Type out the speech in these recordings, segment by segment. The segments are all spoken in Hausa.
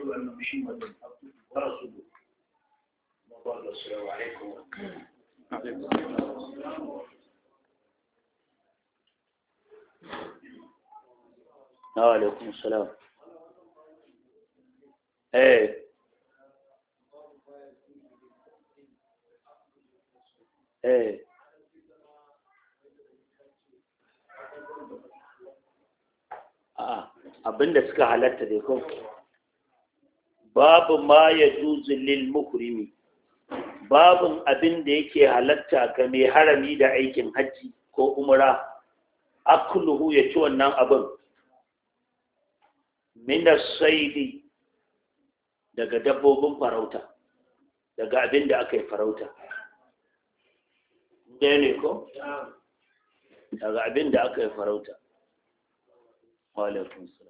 أشهد أن ورسوله السلام عليكم السلام وعليكم السلام ايه ايه اه, آه. ابن دسكه على التليفون babu ma ya juzu lil muhrimi babun abin da yake halatta ga mai harami da aikin hajji ko umra akluhu ya ci wannan abin min saidi daga dabbobin farauta daga abin da aka yi farauta ɗaya ne ko? daga abin da aka yi farauta walaikun sura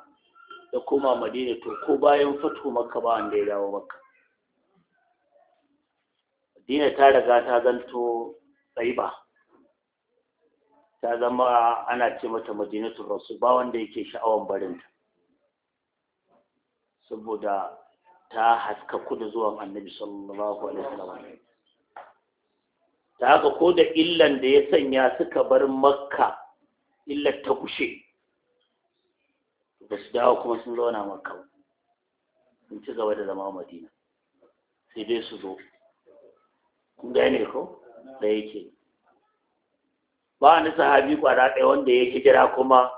ya koma madina to ko bayan fatu makka ba wanda ya dawo makka madina ta riga ta zanto tsaiba ta zama ana ce mata tun rasu ba wanda yake sha'awan barinta saboda ta haska kudu zuwan annabi sallallahu alaihi wasallam ta haka ko da illan da ya sanya suka bar makka illar ta kushe ba su dawo kuma sun zauna makka sun ci gaba da zama madina sai dai su zo kun gane ko da yake ba wani sahabi kwara ɗaya wanda ya hijira kuma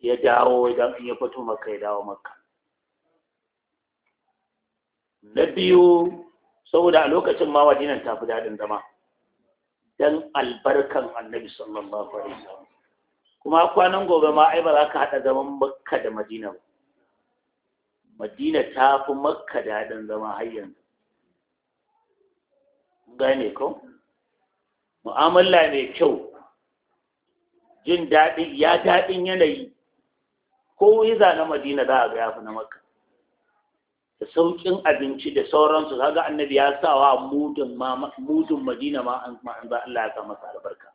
ya dawo idan ya fito maka ya dawo maka. na biyu saboda a lokacin ma madinan ta fi daɗin zama dan albarkan annabi sallallahu alaihi wasallam kuma kwanan gobe ma ai ba za ka haɗa zaman makka da madina ba madina ta fi makka da haɗin zama har yanzu gane ko mu'amala mai kyau jin daɗin ya daɗin yanayi ko iza na madina za a ga yafi na makka da sauƙin abinci da sauransu kaga annabi ya sa wa mudun madina ma an ba Allah ya sa masa albarka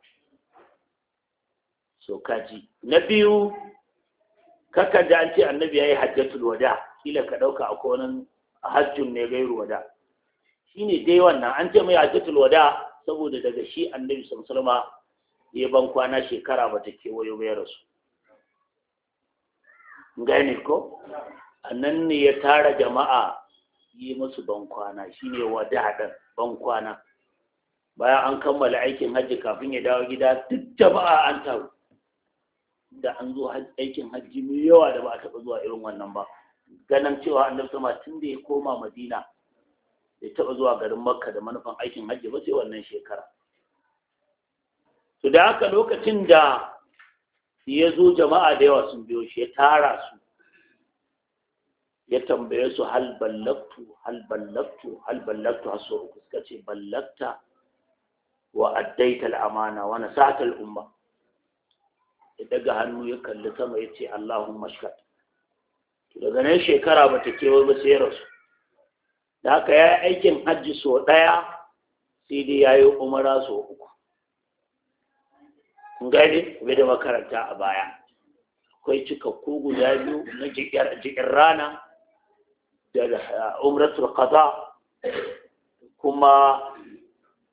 so kaji na biyu kaka ji an ce annabi ya yi hajjatul wada kila ka ɗauka a konin hajjun ne gairu wada shi ne dai wannan an ce mai hajjatul wada saboda daga shi annabi samsulma ya ban kwana shekara ba ta kewayo ya rasu gane ko annan ne ya tara jama'a yi musu ban kwana shi ne wada ban kwana bayan an kammala aikin hajji kafin ya dawo gida duk jama'a an taru da an zo aikin hajji mai yawa da ba a taɓa zuwa irin wannan ba ganin cewa annabi tun da ya koma madina ya taɓa zuwa garin makka da manufan aikin hajji ba sai wannan shekara su da haka lokacin da ya zo jama'a da yawa sun biyo shi ya tara su ya tambaye su hal ballaktu hal ballaktu hal ballaktu har uku suka ce ballakta wa addaita al'amana wa nasata al'umma ya daga hannu ya kalli sama ya ce Allahun mashkat daga nan shekara ba ta kewa ba sai rasu da haka ya yi aikin hajji so ɗaya sai dai ya yi umara so uku kun gani bai da makaranta a baya akwai cikakku guda biyu na jikin rana da uh, umratul qada kuma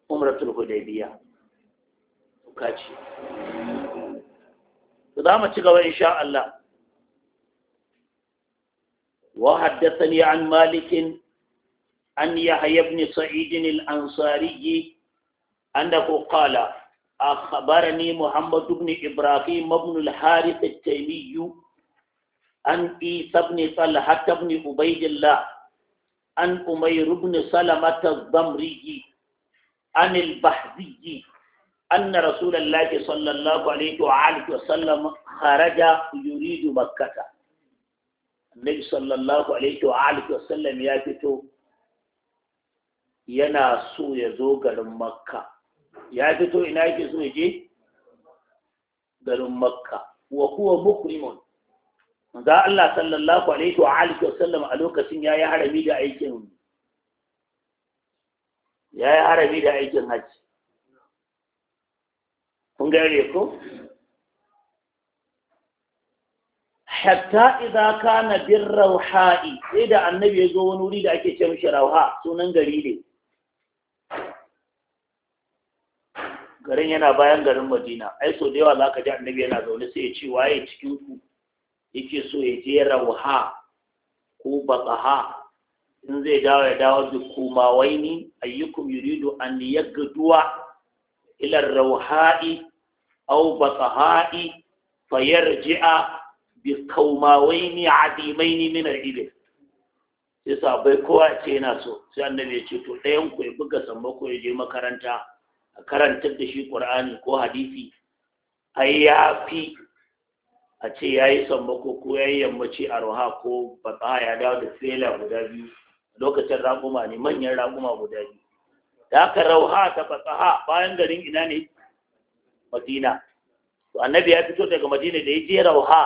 umratul hudaybiya kaci za mu ci gaba insha Allah. Wa haddasani an malikin an Yahya ibn Sa'id al-Ansari annahu qala akhbarani Ibrahim ibn al-Harith al an isabni ibn Talha ibn an Umayr ibn Salamah al an al-Bahdi أن رسول الله صلى الله عليه وآله وسلم خرج يريد مكة النبي صلى الله عليه وآله وسلم yana so ya zo garin ya fito ina yake so ya je garin makka wa huwa mukrimun manzo Allah sallallahu alaihi wa alihi a lokacin yayi harami harami da aikin haji kun gane ko hatta idza kana bir rauha'i sai da annabi ya zo wani wuri da ake ce mishi rauha sunan gari ne garin yana bayan garin madina ai so da yawa zaka ji annabi yana zaune sai ya ce waye cikin ku yake so ya je rauha ko baqaha in zai dawo ya dawo bi kuma waini ayyukum yuridu an yagduwa ila rauha'i أو بطهاء فيرجع بقوماوين عديمين من الإبل isa bai kowa ce yana so sai annabi ya ce to ɗayan ku ya buga sammako ya je makaranta a karantar da shi ƙur'ani ko hadisi ai ya fi a ce ya yi sammako ko ya yi yammaci a roha ko batsa ya dawo da sela guda biyu lokacin raƙuma ne manyan raƙuma guda biyu da aka rauha ta batsa bayan garin ina ne madina to annabi ya fito daga madina da ya je rauha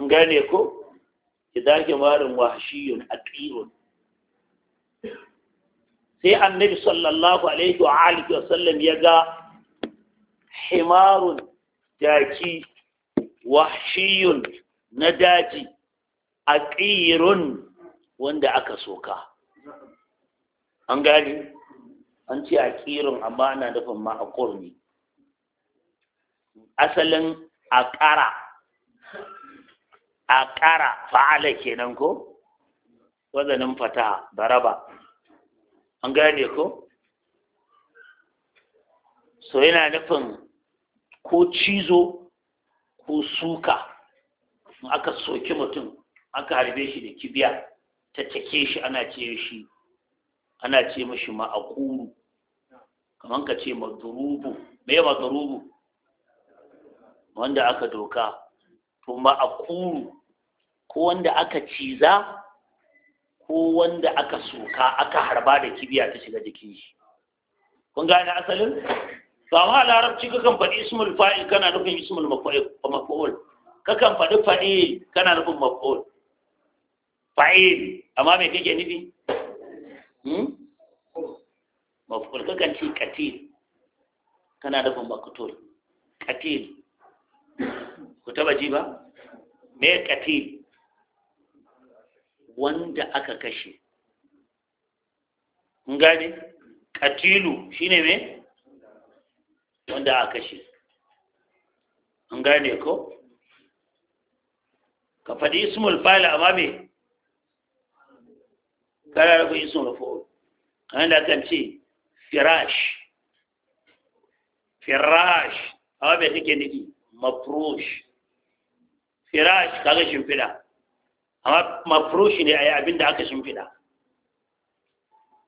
an gane ko idza marin wahshiyun aqirun sai annabi sallallahu alaihi wa alihi wa sallam ya ga himarun daki wahshiyun na daji aqirun wanda aka soka an gane. an ce aqirun amma ana nufin ma aqurni asalin a ƙara a ƙara fa'ala kenan ko wazanin fata raba? an gane ko so yana nufin ko cizo ko suka aka soki mutum aka harbe shi da kibiya ta take shi ana ce shi ana ce mashi ma'akuru kamar ka ce madurubu me madurubu wanda aka doka to ma'akuru ko wanda aka ciza ko wanda aka soka aka harba da kibiya ta shiga jikin shi kun gane asalin ba ma larabci kakan faɗi ismul fa'il kana nufin ismul maf'ul kakan faɗi fa'il kana nufin maf'ul fa'il amma me kake nufi hmm maf'ul kakan ce katil kana nufin maf'ul katil ku taba ji ba me katil wanda aka kashe Ngani. gane katilu shine me wanda aka kashe Ngani gane ko ka faɗi ismul fa'il amma me kana rufe ismul fa'il kana da kan ce firash firash amma me niki mafrush firash kaga shimfiɗa amma mafrush ne a yi abin da aka shimfiɗa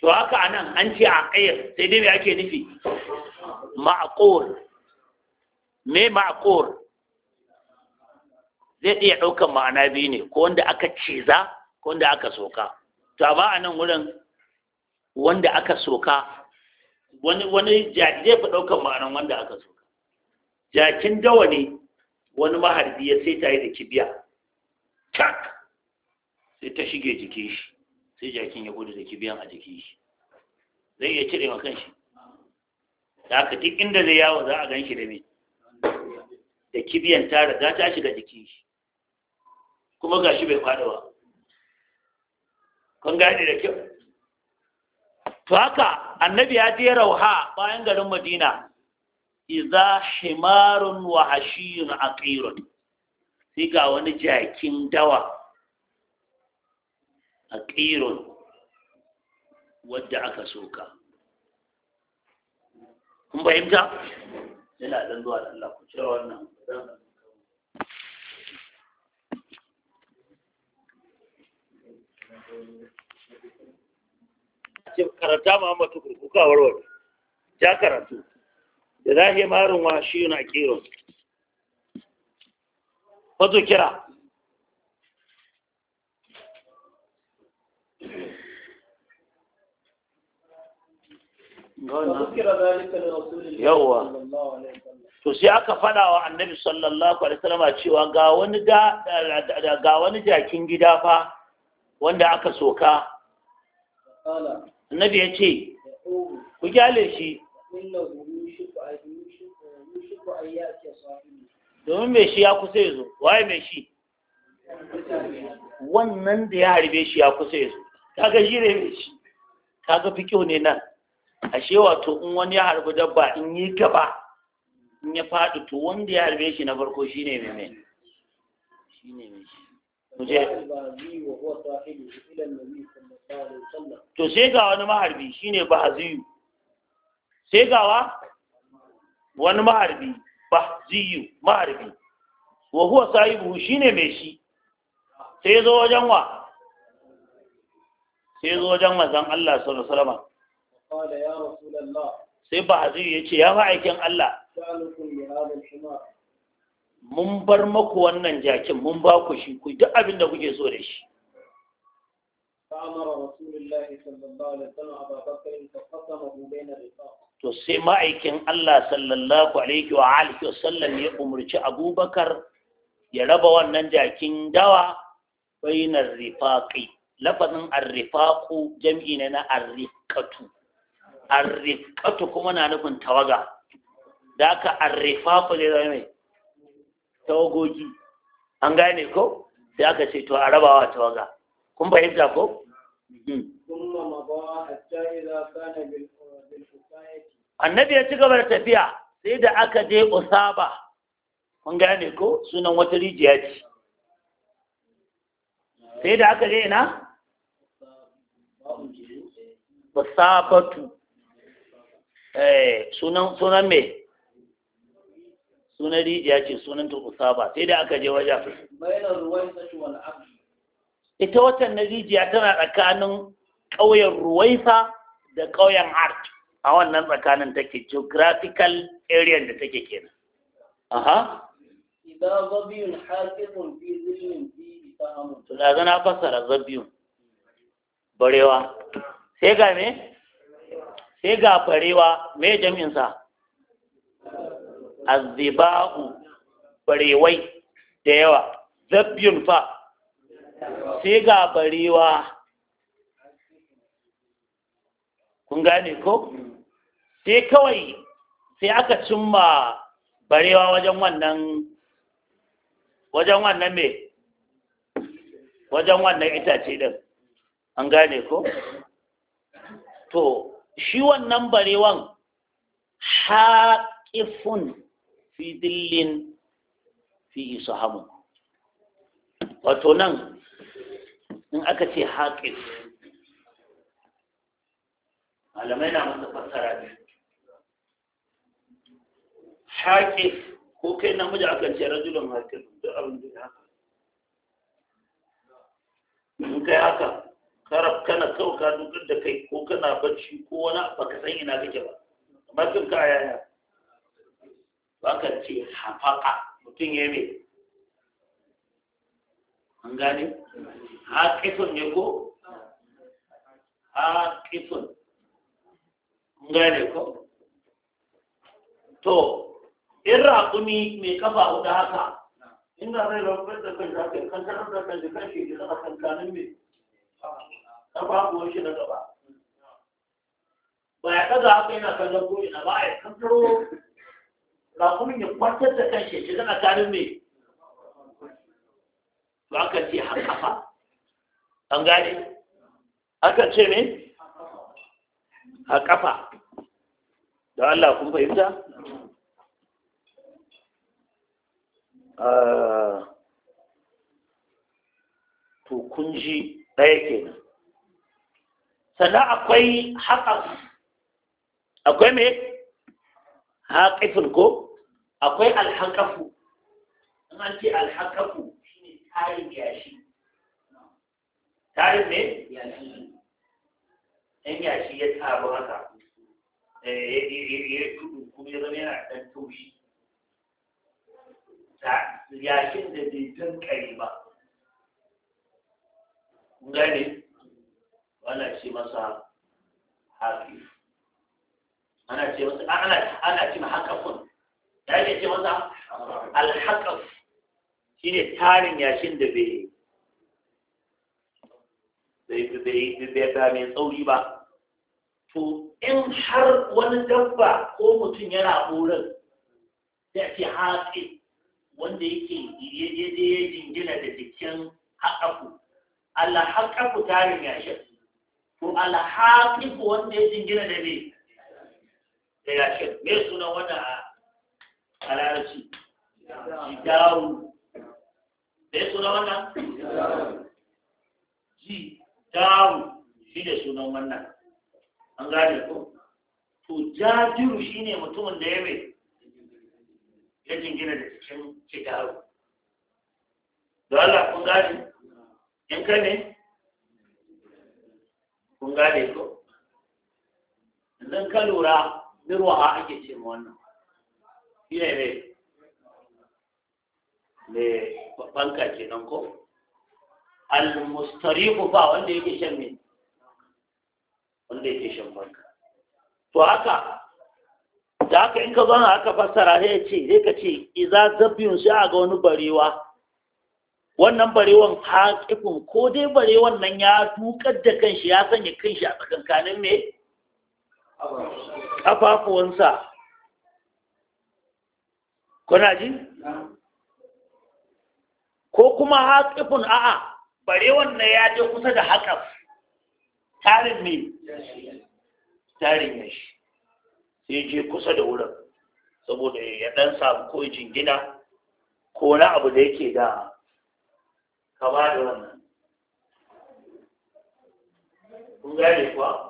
to haka anan an ce a ƙayar sai dai me ake nufi ma'aqul me ma'aqul zai iya ɗaukar ma'ana biyu ne ko wanda aka ceza, ko wanda aka soka to amma anan wurin wanda aka soka wani wani zai fi ɗaukar ma'anan wanda aka so. jakin dawa ne wani maharbi ya sai ta yi da kibiya tak sai ta shige jikin shi sai jakin ya gudu da kibiyan a jikin shi zai iya cire makan shi da aka duk inda zai yawo za a gan shi da me da kibiyan tara za ta shiga jikin shi kuma ga shi bai faɗa ba kun gane da kyau to haka annabi ya je rauha bayan garin madina iza himarun wa hashiyun aqirun sai ga wani jakin dawa aqirun wadda aka soka kun fahimta yana dan zuwa da Allah ku cire wannan karanta ma Tukur ku warware ya karatu da za wa shi yana ƙero wato kira yawwa to sai aka faɗa wa annabi sallallahu alaihi wasallam cewa ga wani da ga wani jakin gida fa wanda aka soka annabi ya ce ku gyale shi domin mai shi ya kusa ya zo waye mai shi wannan da ya harbe shi ya kusa ya zo kaga shi ne mai shi kaga fi kyau ne nan ashe to in wani ya harbi dabba in yi gaba in ya faɗi to wanda ya harbe shi na farko shi ne mai mai shi ne mai shi to sai ga wani maharbi shine ba aziyu sai gawa wani maharbi ziyu maharbi wa huwa sahibu shine mai shi sai zo wajen wa sai zo wajen manzon Allah sallallahu alaihi wasallam qala ya rasulullah sai bahziyu yace ya ma'aikin Allah mun bar maku wannan jakin mun ba ku shi ku duk abin da kuke so da shi فأمر رسول الله صلى الله عليه وسلم أبا بكر na da الرفاق to sai ma'aikin Allah sallallahu alaihi wa alihi wa sallam ya umurci Abubakar ya raba wannan jakin dawa bainar rifaqi lafazin arrifaqu jam'i ne na arrikatu. Arrikatu kuma na nufin tawaga da aka arrifaqu ne da mai tawagogi an gane ko sai aka ce to a rabawa tawaga kun fahimta ko hmm. annabi ya ci gaba da tafiya sai da aka je usaba kun gane ko sunan wata rijiya ce sai da aka je ina usabatu eh sunan sunan me sunan rijiya ce sunan ta usaba sai da aka je wajen ita watan na rijiya tana tsakanin ƙauyen ruwaisa da ƙauyen art a wannan tsakanin take geographical area da take kenan aha idan zabiyun hakimun fi zillin fi fahamun to da na fassara zabiyun barewa sai ga me sai ga barewa me jami'in sa azibahu barewai da yawa zabiyun fa sai ga barewa kun gane ko sai kawai sai aka cimma barewa wajen wannan wajen wannan me wajen wannan itace din an gane ko to shi wannan barewan haƙifun fi dillin fi isu hamu wato nan in aka ce haƙif malamai na masu fassara ne haƙe ko kai namiji akan ce rajulun haƙe duk abin da ya haka in kai haka karab kana kauka ka da kai ko kana bacci ko wani ka san ina kake ba amma kin ka yaya ka ce hafaka mutum ya me an gane haƙifin ne ko haƙifin an gane ko to in raƙumi mai kafa huɗu haka in da zai rabar da kan zafin kan tarar da kan jikan shi da kankanin mai kuwa shi na gaba ba ya ɗaga haka yana kallon goyi a ba ya kantaro raƙumin ya kwantar da kan shi da kanin mai ba ka ce har kafa an gane aka ce ne a kafa da Allah kun fahimta to kun ji ɗaya kenan sannan akwai haƙaf akwai me haƙifin ko akwai alhaƙafu an ce alhaƙafu shine tarin yashi tarin me yashi ɗan yashi ya taru haka ya tudu kuma ya zama yana ɗan taushi yashin da bai kai ba gane ana ce masa haƙi ana ce masa ana ana ce hakafun da yake ce masa alhaqaf shine tarin yashin da bai bai bai bai mai tsauri ba to in har wani dabba ko mutum yana burin sai a ce hafi wanda yake yaje ya jingina da jikin haƙafu alhaƙafu tarin yashin to alhaƙifu wanda ya jingina da ne da yashin me sunan wannan a larabci jidawu me sunan wannan jidawu shi da sunan wannan an gane ko to jajiru shi ne mutumin da ya mai ya jingina da cikin cigaro da Allah kun gane in ka ne kun gane ko idan ka lura mirwa ake ce ma wannan shi ne ne ne banka kenan ko al-mustariqu fa wanda yake shan me wanda yake shan banka to haka da haka in ka na haka fassara sai ce sai ka ce iza zabiyun sai a ga wani barewa wannan barewan haƙifin ko dai barewan nan ya tukar da kanshi ya sanya kanshi a tsakankanin me ƙafafuwansa kuna ji ko kuma haƙifin a'a barewan na ya je kusa da haƙaf tarin me tarin shi. sai je kusa da wurin saboda ya dan samu ko jingina ko na abu da yake da kama da wannan kun gane kuwa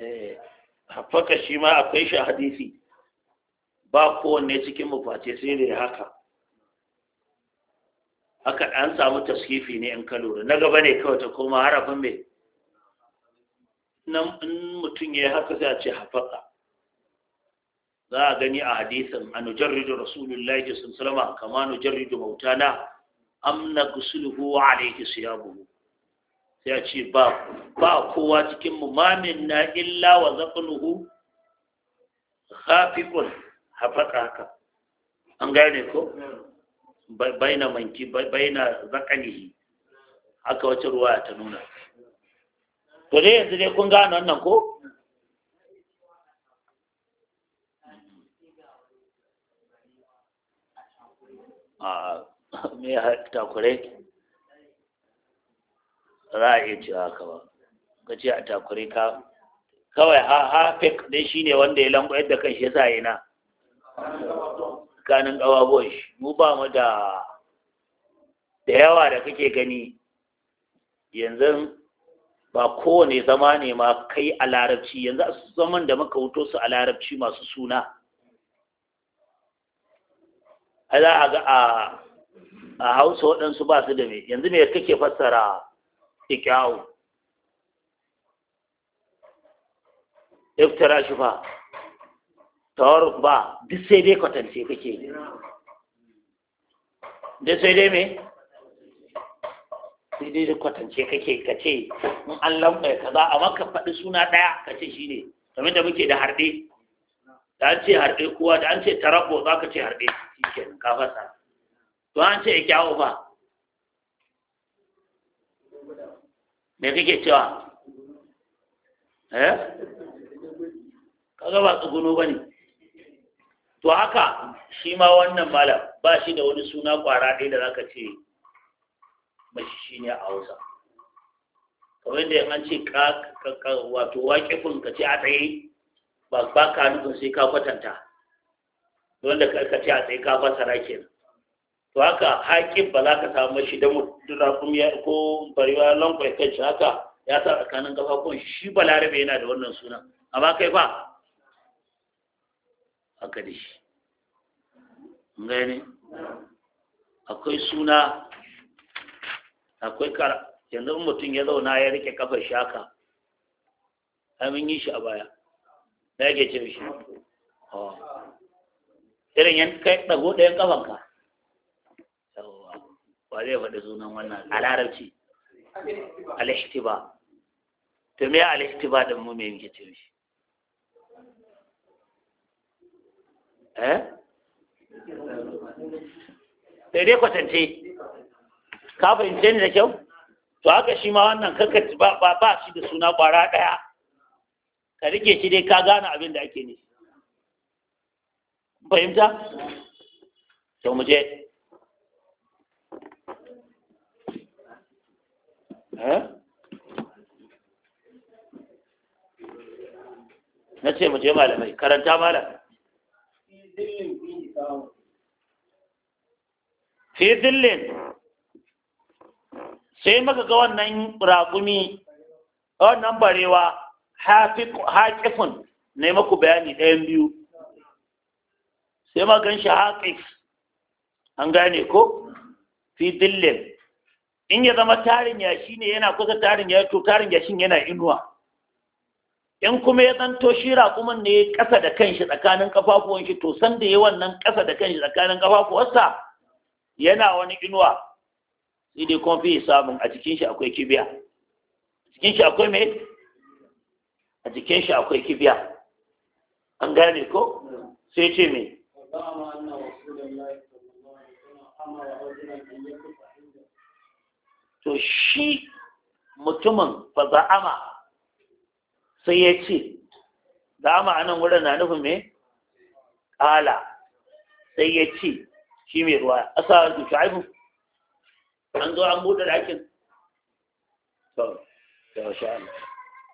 Yeah. Eh. hafaka shi ma akwai shi a hadisi ba kowanne cikin maface sai ne haka haka an samu taskifi ne in ka lura na gaba ne kawai ta koma harafin mai nan mutum ya haka sai a ce haffaka za a gani a hadisin a nujarridu rasulullahi sallallahu alaihi kama nujarridu mautana Amna na wa alaihi siyabuhu ya ce ba ba kowa cikin mu mamin na illa wa zaqnuhu khafiqun hafaka haka an gane ko baina manki baina zaqalihi haka wacce ruwa ta nuna to dai yanzu dai kun gane wannan ko a ah, me ya takurai za a iya cewa haka ba ka ce a takure ka kawai ha ha fik dai shi ne wanda ya lango yadda kan shi yasa na kanin gawa shi mu ba mu da da yawa da kake gani yanzu ba kowane zama ne ma kai a larabci yanzu a zaman da muka wuto su a larabci masu suna a za a ga a hausa waɗansu ba su da me yanzu me kake fassara da kyawu iftira shi fa tawaruk ba duk sai dai kwatance kake duk sai dai me sai dai da kwatance kake ka ce in an lamɓa ka za a maka faɗi suna ɗaya ka ce shi ne kamar da muke da harɗe da an ce harɗe kuwa da an ce tarabo za ka ce harɗe shi ke ka fasa to an ce ya kyawo ba me kake cewa eh kaga ba tsuguno ba ne to haka shi ma wannan malam ba shi da wani suna kwara ɗaya da zaka ce mashi shi ne a hausa kamar yadda an ce wato waƙifin ka ce a tsaye ba ka nufin sai ka kwatanta wanda ka ce a tsaye ka fasara kenan to haka hakin ba za ka samu shi da mutum ya ko barewa lankwai kai shi haka ya sa tsakanin kafafun shi balarabe yana da wannan suna amma kai ba haka da shi gani akwai suna akwai kar yanzu mutum ya zauna ya rike kafar shi haka amin yi shi a baya na yake ce shi oh. irin yan kai ɗago ɗayan kafanka wa zai faɗi sunan wannan a larabci al to me al din mu me yake cewa shi eh sai dai kwatance ka fahimce ni da kyau to haka shi ma wannan kanka ba ba ba shi da suna kwara daya ka rike shi dai ka gane abin da ake ne fahimta to mu je Eh? na ce mu je malamai karanta malam fi dillin sai maka ga wannan raƙumi wannan barewa haƙifin na maku bayani ɗayan biyu sai gan shi haƙif an gane ko fi dillin in ya zama tarin yashi ne yana kusa tarin ya to tarin yashin yana inuwa in kuma ya zanto shi raƙumin ne ƙasa da kanshi tsakanin ƙafafuwan shi to san da ya wannan ƙasa da kanshi tsakanin ƙafafuwarsa yana wani inuwa sai dai kuma fi samun a cikin shi akwai kibiya A cikin shi akwai me a cikin shi akwai kibiya an gane ko sai ce me to shi mutumin ba za'ama sai ya ce za'ama a nan wurin na nufin me ƙala sai ya ce shi mai ruwa a sa zuci haifu an zo an buɗe ɗakin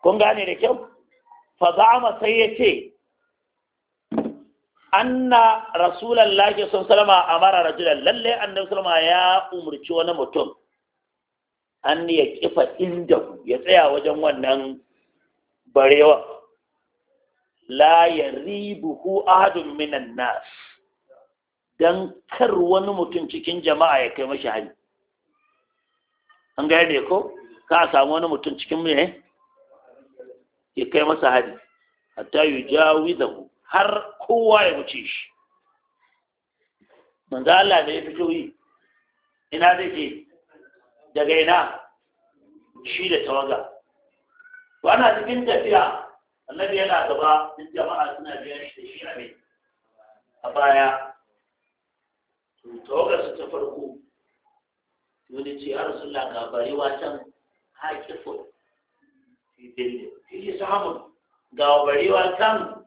kun gane da kyau fa za'ama sai ya ce anna rasulallahi son salama a mara rajulan lalle annabi salama ya umarci wani mutum an ya kifa inda ya tsaya wajen wannan barewa la ya ribuhu ahadun minan nas dan kar wani mutum cikin jama'a ya kai mashi hari an gaya ne ko ka samu wani mutum cikin mai ya kai masa hari hatta yi jawi da har kowa ya wuce shi manzo Allah da ya fito yi ina zai je daga ina shi da tawaga Ba na cikin tafiya annabi yana gaba duk jama'a suna biyan shi da shi a a baya tawaga su ta farko wani ce ya rasu ga barewa can haƙifo fi yi samun ga barewa can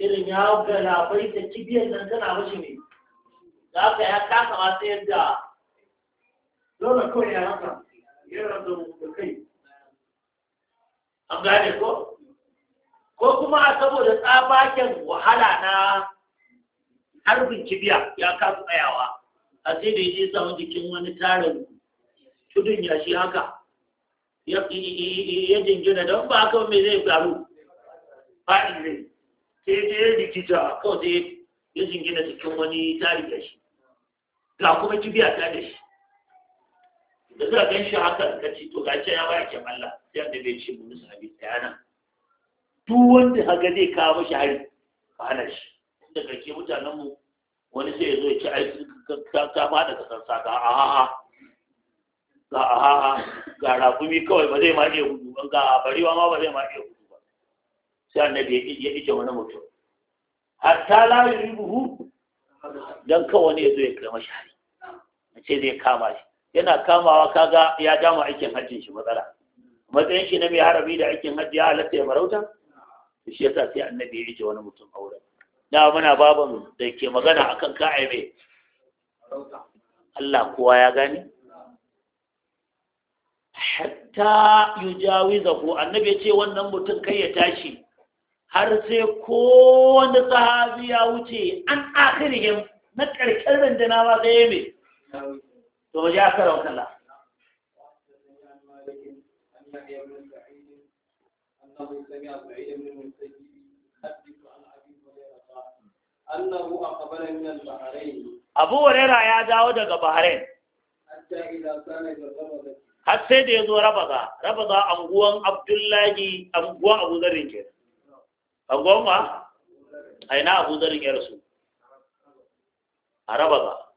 irin ya ga labai da kibiyar nan tana mashi ne za ka ya kasa masu yadda dole kawai ya haka ya rabu da kai an ko ko kuma a saboda tsabaken wahala na harbin kibiya ya kasu tsayawa a sai da ya samu jikin wani tarin tudun yashi haka ya jingina don ba haka mai zai faru fa'in zai sai ya rikita kawai sai ya jingina jikin wani tarin yashi ga kuma kibiya ta da shi da suka gan shi haka da kaci to ce ya baya ke Allah sai annabi bai ce mun ta tayana duk wanda haga zai kawo mashi hari ka hana shi inda kake mutanen mu wani sai ya zo ya ci ai ka ka da kasar sa ga a a ga a a ga rakumi kawai ba zai ma iya gudu ba ga barewa ma ba zai ma iya gudu ba sai annabi ya ije wani mutum hatta la yuhu dan kawai ne ya zo ya kai mashi hari ce zai kama shi yana kamawa kaga ya dama aikin hajjin shi matsala matsayin shi na mai harabi da aikin hajji ya halatta ya farauta shi yasa sai annabi ya rike wani mutum aure. da muna baban da ke magana akan ka'ai mai Allah kowa ya gani hatta yujawizahu annabi ya ce wannan mutum kai ya tashi har sai kowane sahabi ya wuce an akhirihim na karkar rundunawa ga yame to waje aka rauka la Abu Huraira ya dawo daga Bahrain. Har sai da ya zo Rabaza, Rabaza anguwan Abdullahi, anguwan Abu Zarrin ke. Anguwan ma? Aina Abu Zarrin ya rasu. A Rabaza.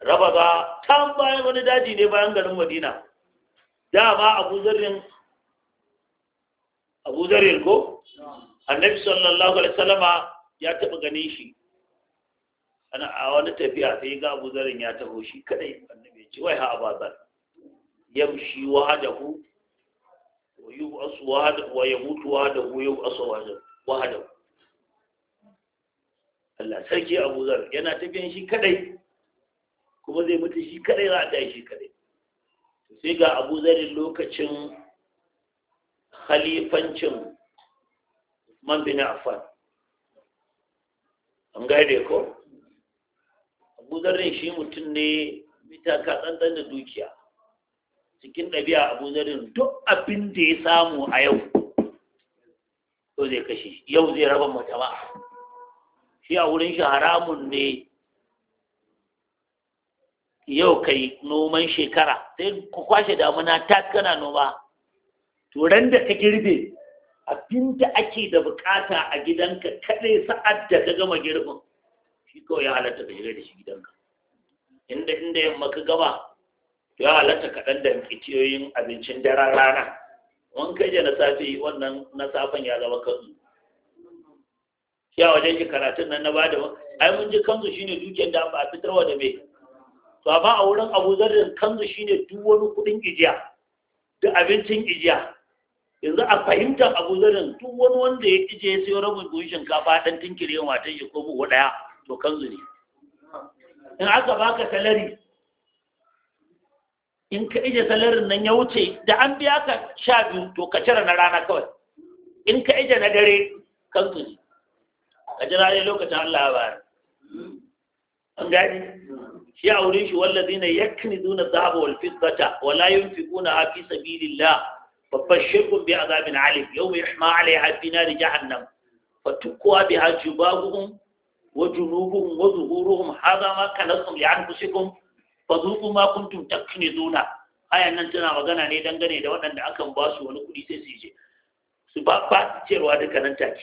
raba ba kan bayan wani daji ne bayan garin madina Da ba abu zarin ko annabi sallallahu alaihi wasallama ya taɓa ganin shi ana a wani tafiya sai ga abu zarin ya taho shi kadai annabi ya ce wai ha abazar yamshi wahadahu wa yub'asu wahadahu wa yamutu wahadahu wa yub'asu wahadahu Allah sarki Abu zarin yana tafiyan shi kadai kuma zai mutu shi kadai za a ta shi kadai sai ga abu zarin lokacin khalifancin man bin Afan. an gaide ko abu zarin shi mutum ne mita ka tsantsan da dukiya cikin ɗabi'a abu zarin duk abin da ya samu a yau yau zai kashe yau zai raba mata ba shi a wurin shi haramun ne yau kai noman shekara sai ku kwashe damuna ta kana noma to ran da ka girbe abinda ake da bukata a gidanka kadai sa'ad da ka gama girbin shi kawai ya halatta ka shiga da shi gidanka inda inda yamma ka gama to ya halatta ka dan da kiciyoyin abincin daren rana wani kai na safe wannan na safen ya zama kanzu Ya waje wajen shi karatun nan na bada ai mun ji kanzu shine dukiyar da ba fitarwa da mai to ba a wurin abu zarrin kanzu ne duk wani kudin ijiya da abincin ijiya yanzu a fahimtar abu zarrin duk wani wanda ya ije ya sayo rabin buhun shinkafa ɗan tinkiri yin watan shi ko buhu ɗaya to kanzu ne in aka baka salari in ka ije salarin nan ya wuce da an biya ka sha biyu to ka cire na rana kawai in ka ije na dare kanzu ne ka jira dai lokacin Allah ya bayar an gani shi a wurin shi wallazina duna dhahaba wal fiddata wa la yunfiquna fi sabilillah fabashshirhum bi azabin alim yawma yuhma 'alayha da nar jahannam fatukwa biha jubahuhum wa junubuhum wa zuhuruhum hadha ma kanastum li anfusikum fadhuqu ma kuntum duna ayan nan tana magana ne dangane da waɗanda akan ba su wani kuɗi sai su je su ba ba cewa duka nan take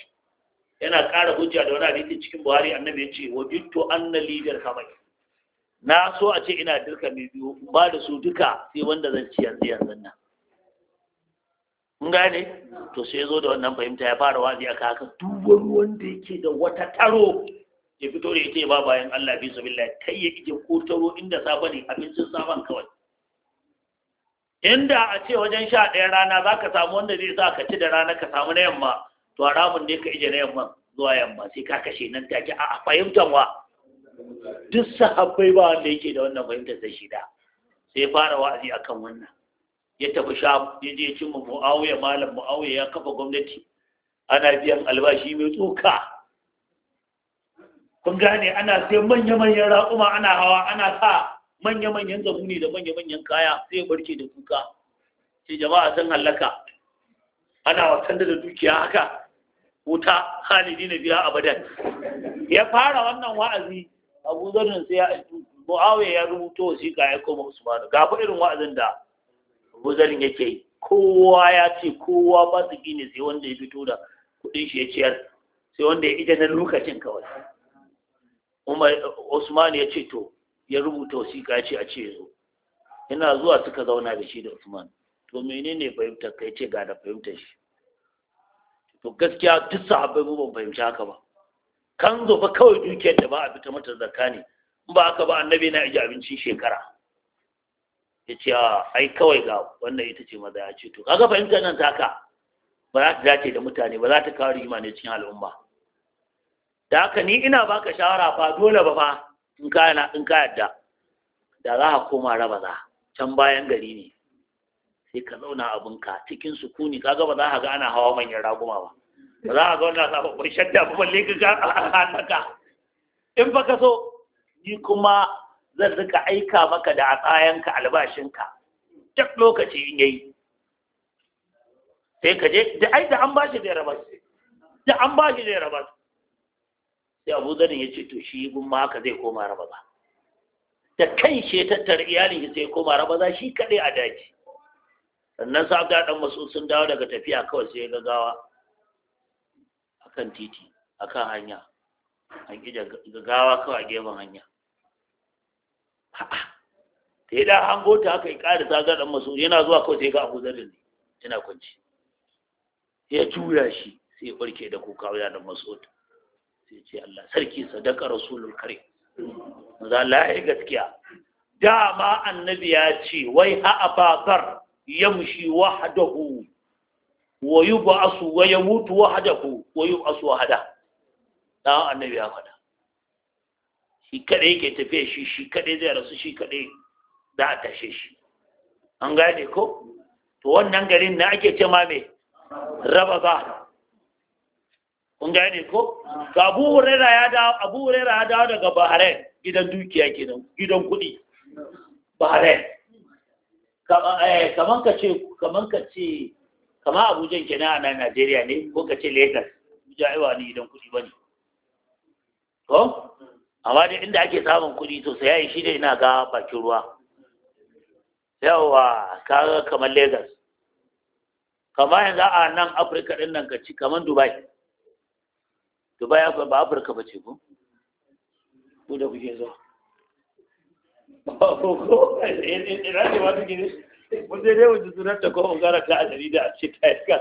yana ƙara hujja da wani hadisi cikin Buhari annabi ya ce wajidtu anna lidar kamai na so a ce ina dirka mai biyu ba da su duka sai wanda zan ci yanzu yanzu nan mun gane to sai zo da wannan fahimta ya fara wazi a kaka duk wanda yake da wata taro ya fito da ita ba bayan Allah bi billahi kai ya kike ko taro inda safa ne abincin safan kawai inda a ce wajen sha ɗaya rana za ka samu wanda zai sa ka ci da rana ka samu na yamma to a ramin ne ka ije na yamma zuwa yamma sai ka kashe nan take a fahimtar wa duk sahabbai ba wanda yake da wannan fahimtar da shida sai fara wa'azi akan wannan ya tafi sha ya je cin mu mu'awiya malam mu'awiya ya kafa gwamnati ana biyan albashi mai tsoka kun gane ana sai manya-manyan raƙuma ana hawa ana sa manya-manyan ne da manya-manyan kaya sai barke da kuka sai jama'a sun hallaka ana wasan da dukiya haka wuta hali na biya abadan ya fara wannan wa'azi abu sai ya mu'awiya ya rubuto wasiƙa ya koma usman ga fa irin wa'azin da abu zarrin yake yi kowa ya ce kowa ba su ne sai wanda ya fito da kuɗin shi ya ciyar sai wanda ya ita na lokacin kawai umar usman ya ce to ya rubuta wasiƙa ga ce a ce zo yana zuwa suka zauna da shi da usman to menene fahimtar kai ce ga da fahimtar shi to gaskiya duk sahabbai mu ban fahimci haka ba kan zo fa kawai dukiyar da ba a fita mata zakka ne in ba aka ba annabi na iji abincin shekara ya ce a ai kawai ga wannan ita ce maza ya ce to kaga fahimtar nan taka ba za ta dace da mutane ba za ta kawo rigima ne cikin al'umma da haka ni ina baka shawara fa dole ba fa in ka in ka yadda da za ka koma raba za can bayan gari ne sai ka zauna abinka cikin sukuni kaga ba za ka ga ana hawa manyan raguma ba za a zauna sababbin shadda ba balle ka ga al'adaka in baka so ni kuma zan rika aika maka da tsayanka albashinka duk lokaci in yayi sai ka je da ai da an bashi zai raba da an bashi zai raba sai Abu Zarin ya ce to shi ma ka zai koma raba ba da kan shi ya tattara iyalin sai zai koma raba za shi kaɗai a daji sannan sa da dan masu sun dawo daga tafiya kawai sai ya gagawa kan titi a kan hanya a ƙi gawa kawai a gefen hanya ta yi da an gota aka yi ƙari ta gaɗan masu yana zuwa kawai sai ga abu zarri ne yana kwanci ya juya shi sai ya ɓarke da kuka wuya da masu sai ce Allah sarki sadaka rasulul kare za ya yi gaskiya dama annabi ya ce wai ha'a bakar yamshi hadahu. wa yub'asu wa wayu asu wa hada da annabi ya fada shi kadai yake tafiya shi shi kadai zai rasu shi kadai za a tashe shi an gane ko to wannan garin na ake ce ma me raba ba kun gane ko to Abu rera ya dawo Abu Hurairah ya dawo daga Bahrain gidan dukiya kenan gidan kuɗi Bahrain kaman eh, kaman ka ce kaman ka ce kama abuja na a najeriya ne ko ka ce lagos abuja aiwa ni idan kuɗi ba ne ko amma dai inda ake samun kuɗi to sai yayi shi ne ina ga bakin ruwa yawa kaga kamar lagos Kama yanzu a nan afirka din nan ka ci kamar dubai dubai ba afirka ba ce ko ku da kuke zuwa ko ko ina ce ma suke ne mun sai dai wajen sunar ta ko ungara ta a jarida a ce ta iska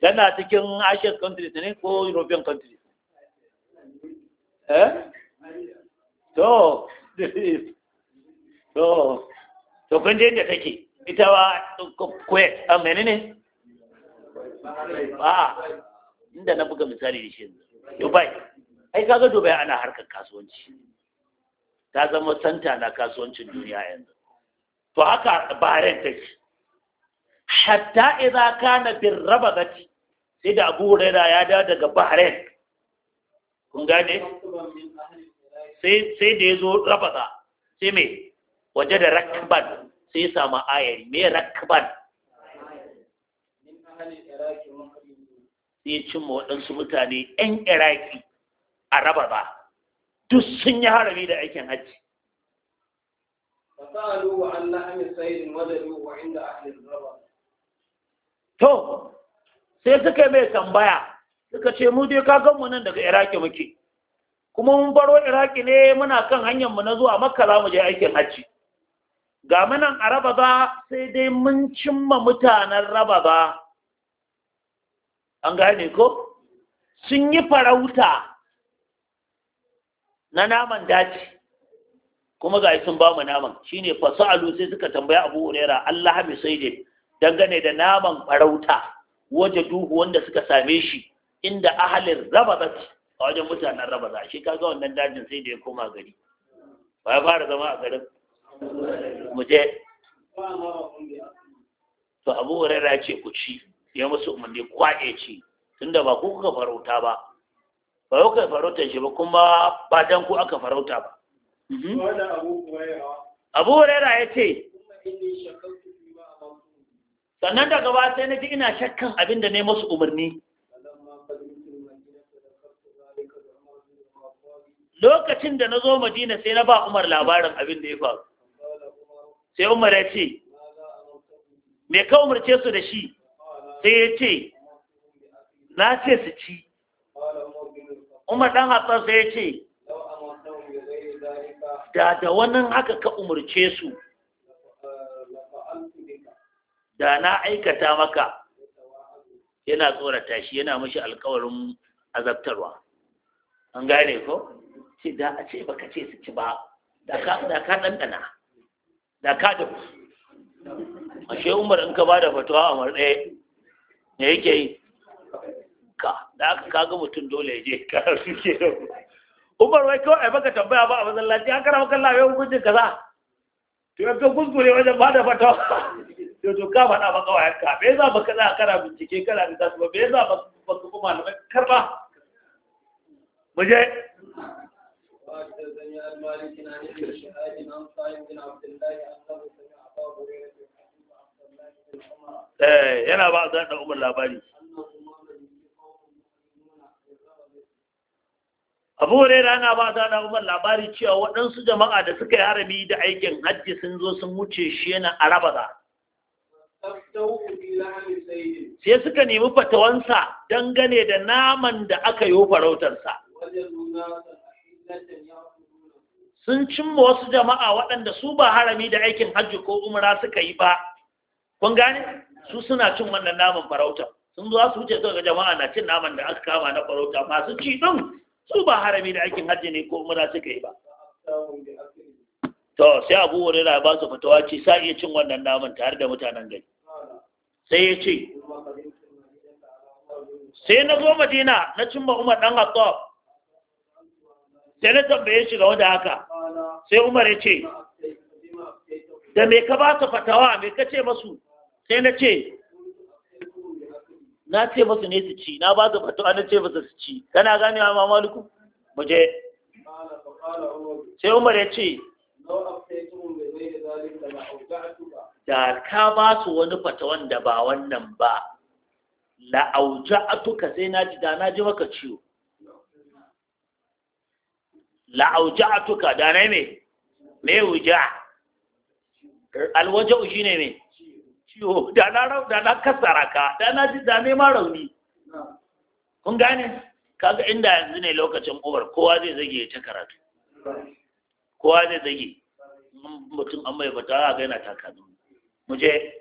tana cikin asian countries ne ko european countries eh to to to kun je inda take ita wa kuwait a menene a inda na buga misali da shi dubai ai kaga dubai ana harkar kasuwanci ta zama santa na kasuwancin duniya yanzu to haka baren take hatta idza kana bir rabadati sai da abu ya dawo daga baren kun gane sai sai da yazo rabata sai me waje da rakban sai samu ayar me rakban sai cimma waɗansu mutane 'yan iraki a rababa duk sun yi harami da aikin hajji to sai suka mai tambaya suka ce mu dai ka gan mu nan daga iraki muke kuma mun baro iraki ne muna kan hanyar mu na zuwa makka za mu je aikin hajji ga munan a rababa sai dai mun cimma mutanen rababa an gane ko sun yi farauta na naman daji kuma ga sun ba mu naman shine fasalu sai suka tambaya Abu Huraira Allah bi sayyid dangane da naman farauta waje duhu wanda suka same shi inda ahalin rabazat a wajen mutanen rabaza shi kaga wannan dajin sai da ya koma gari ba ya fara zama a garin mu je to Abu Huraira ya ce ku ci ya musu umarni kwaɗe ci tunda ba ku kuka farauta ba ba kuka farauta shi ba kuma ba dan ku aka farauta ba Mhm. abu huraira ya ce sannan daga ba sai na ji ina shakkan abin da ne masu umarni lokacin da na zo madina sai na ba umar labarin abin da ya faru sai umar ya ce me ka umarce su da shi sai ya ce na ce su ci umar ɗan hatsar sai ya ce da da wannan haka ka umarce su da na aikata maka yana tsorata shi yana mashi alkawarin azabtarwa an gane ko ce da a ce baka ce su ci ba da ka ɗanɗana da ka da ashe umar in ka ba da fatawa a marɗe eh, me yake yi ka da aka kaga mutum dole ya je ka suke da umar wai kawai baka tambaya ba a masallaci an kara makalla yau gudun kaza to ya ka kuskure wajen ba da fata to to ka faɗa ba kawai ka me yasa baka za kana bincike kana da tasu ba me yasa baka kuma malamai karba mu je وحدثني عن مالك عن ابن شهاب عن صالح abu huraira yana ba ta da umar labari cewa waɗansu jama'a da suka yi harami da aikin hajji sun zo sun wuce shi yana arabaza sai suka nemi fatawansa dangane da naman da aka yi farautarsa sun cimma wasu jama'a waɗanda su ba harami da aikin hajji ko umra suka yi ba kun gane su suna cin wannan naman farauta sun zo su wuce ga jama'a na cin naman da aka kama na farauta masu ci ɗin su ba harami da aikin hajji ne ko umra suka yi ba to sai abu na ba su fatawa ce sa iya cin wannan naman tare da mutanen gari sai ya ce sai na zo madina na cimma umar dan hattab sai na tambaye shi ga wanda haka sai umar ya ce da me ka ba su fatawa me ka ce masu sai na ce na ce masu ne su ci na ba su fatuwa na ce masu su ci kana gane wa mamaluku mu je sai umar ya ce da ka ba su wani fatawan da ba wannan ba tuka sai na ji da na ji maka ciwo la'auja'atuka da na me me wuja alwaja'u ne me ciwo da na rau da na kasa raka da na ji da ma rauni kun gane kaga inda yanzu ne lokacin uwar kowa zai zage ya ci karatu kowa zai zage mutum an mai fata a gaina taka zuwa mu je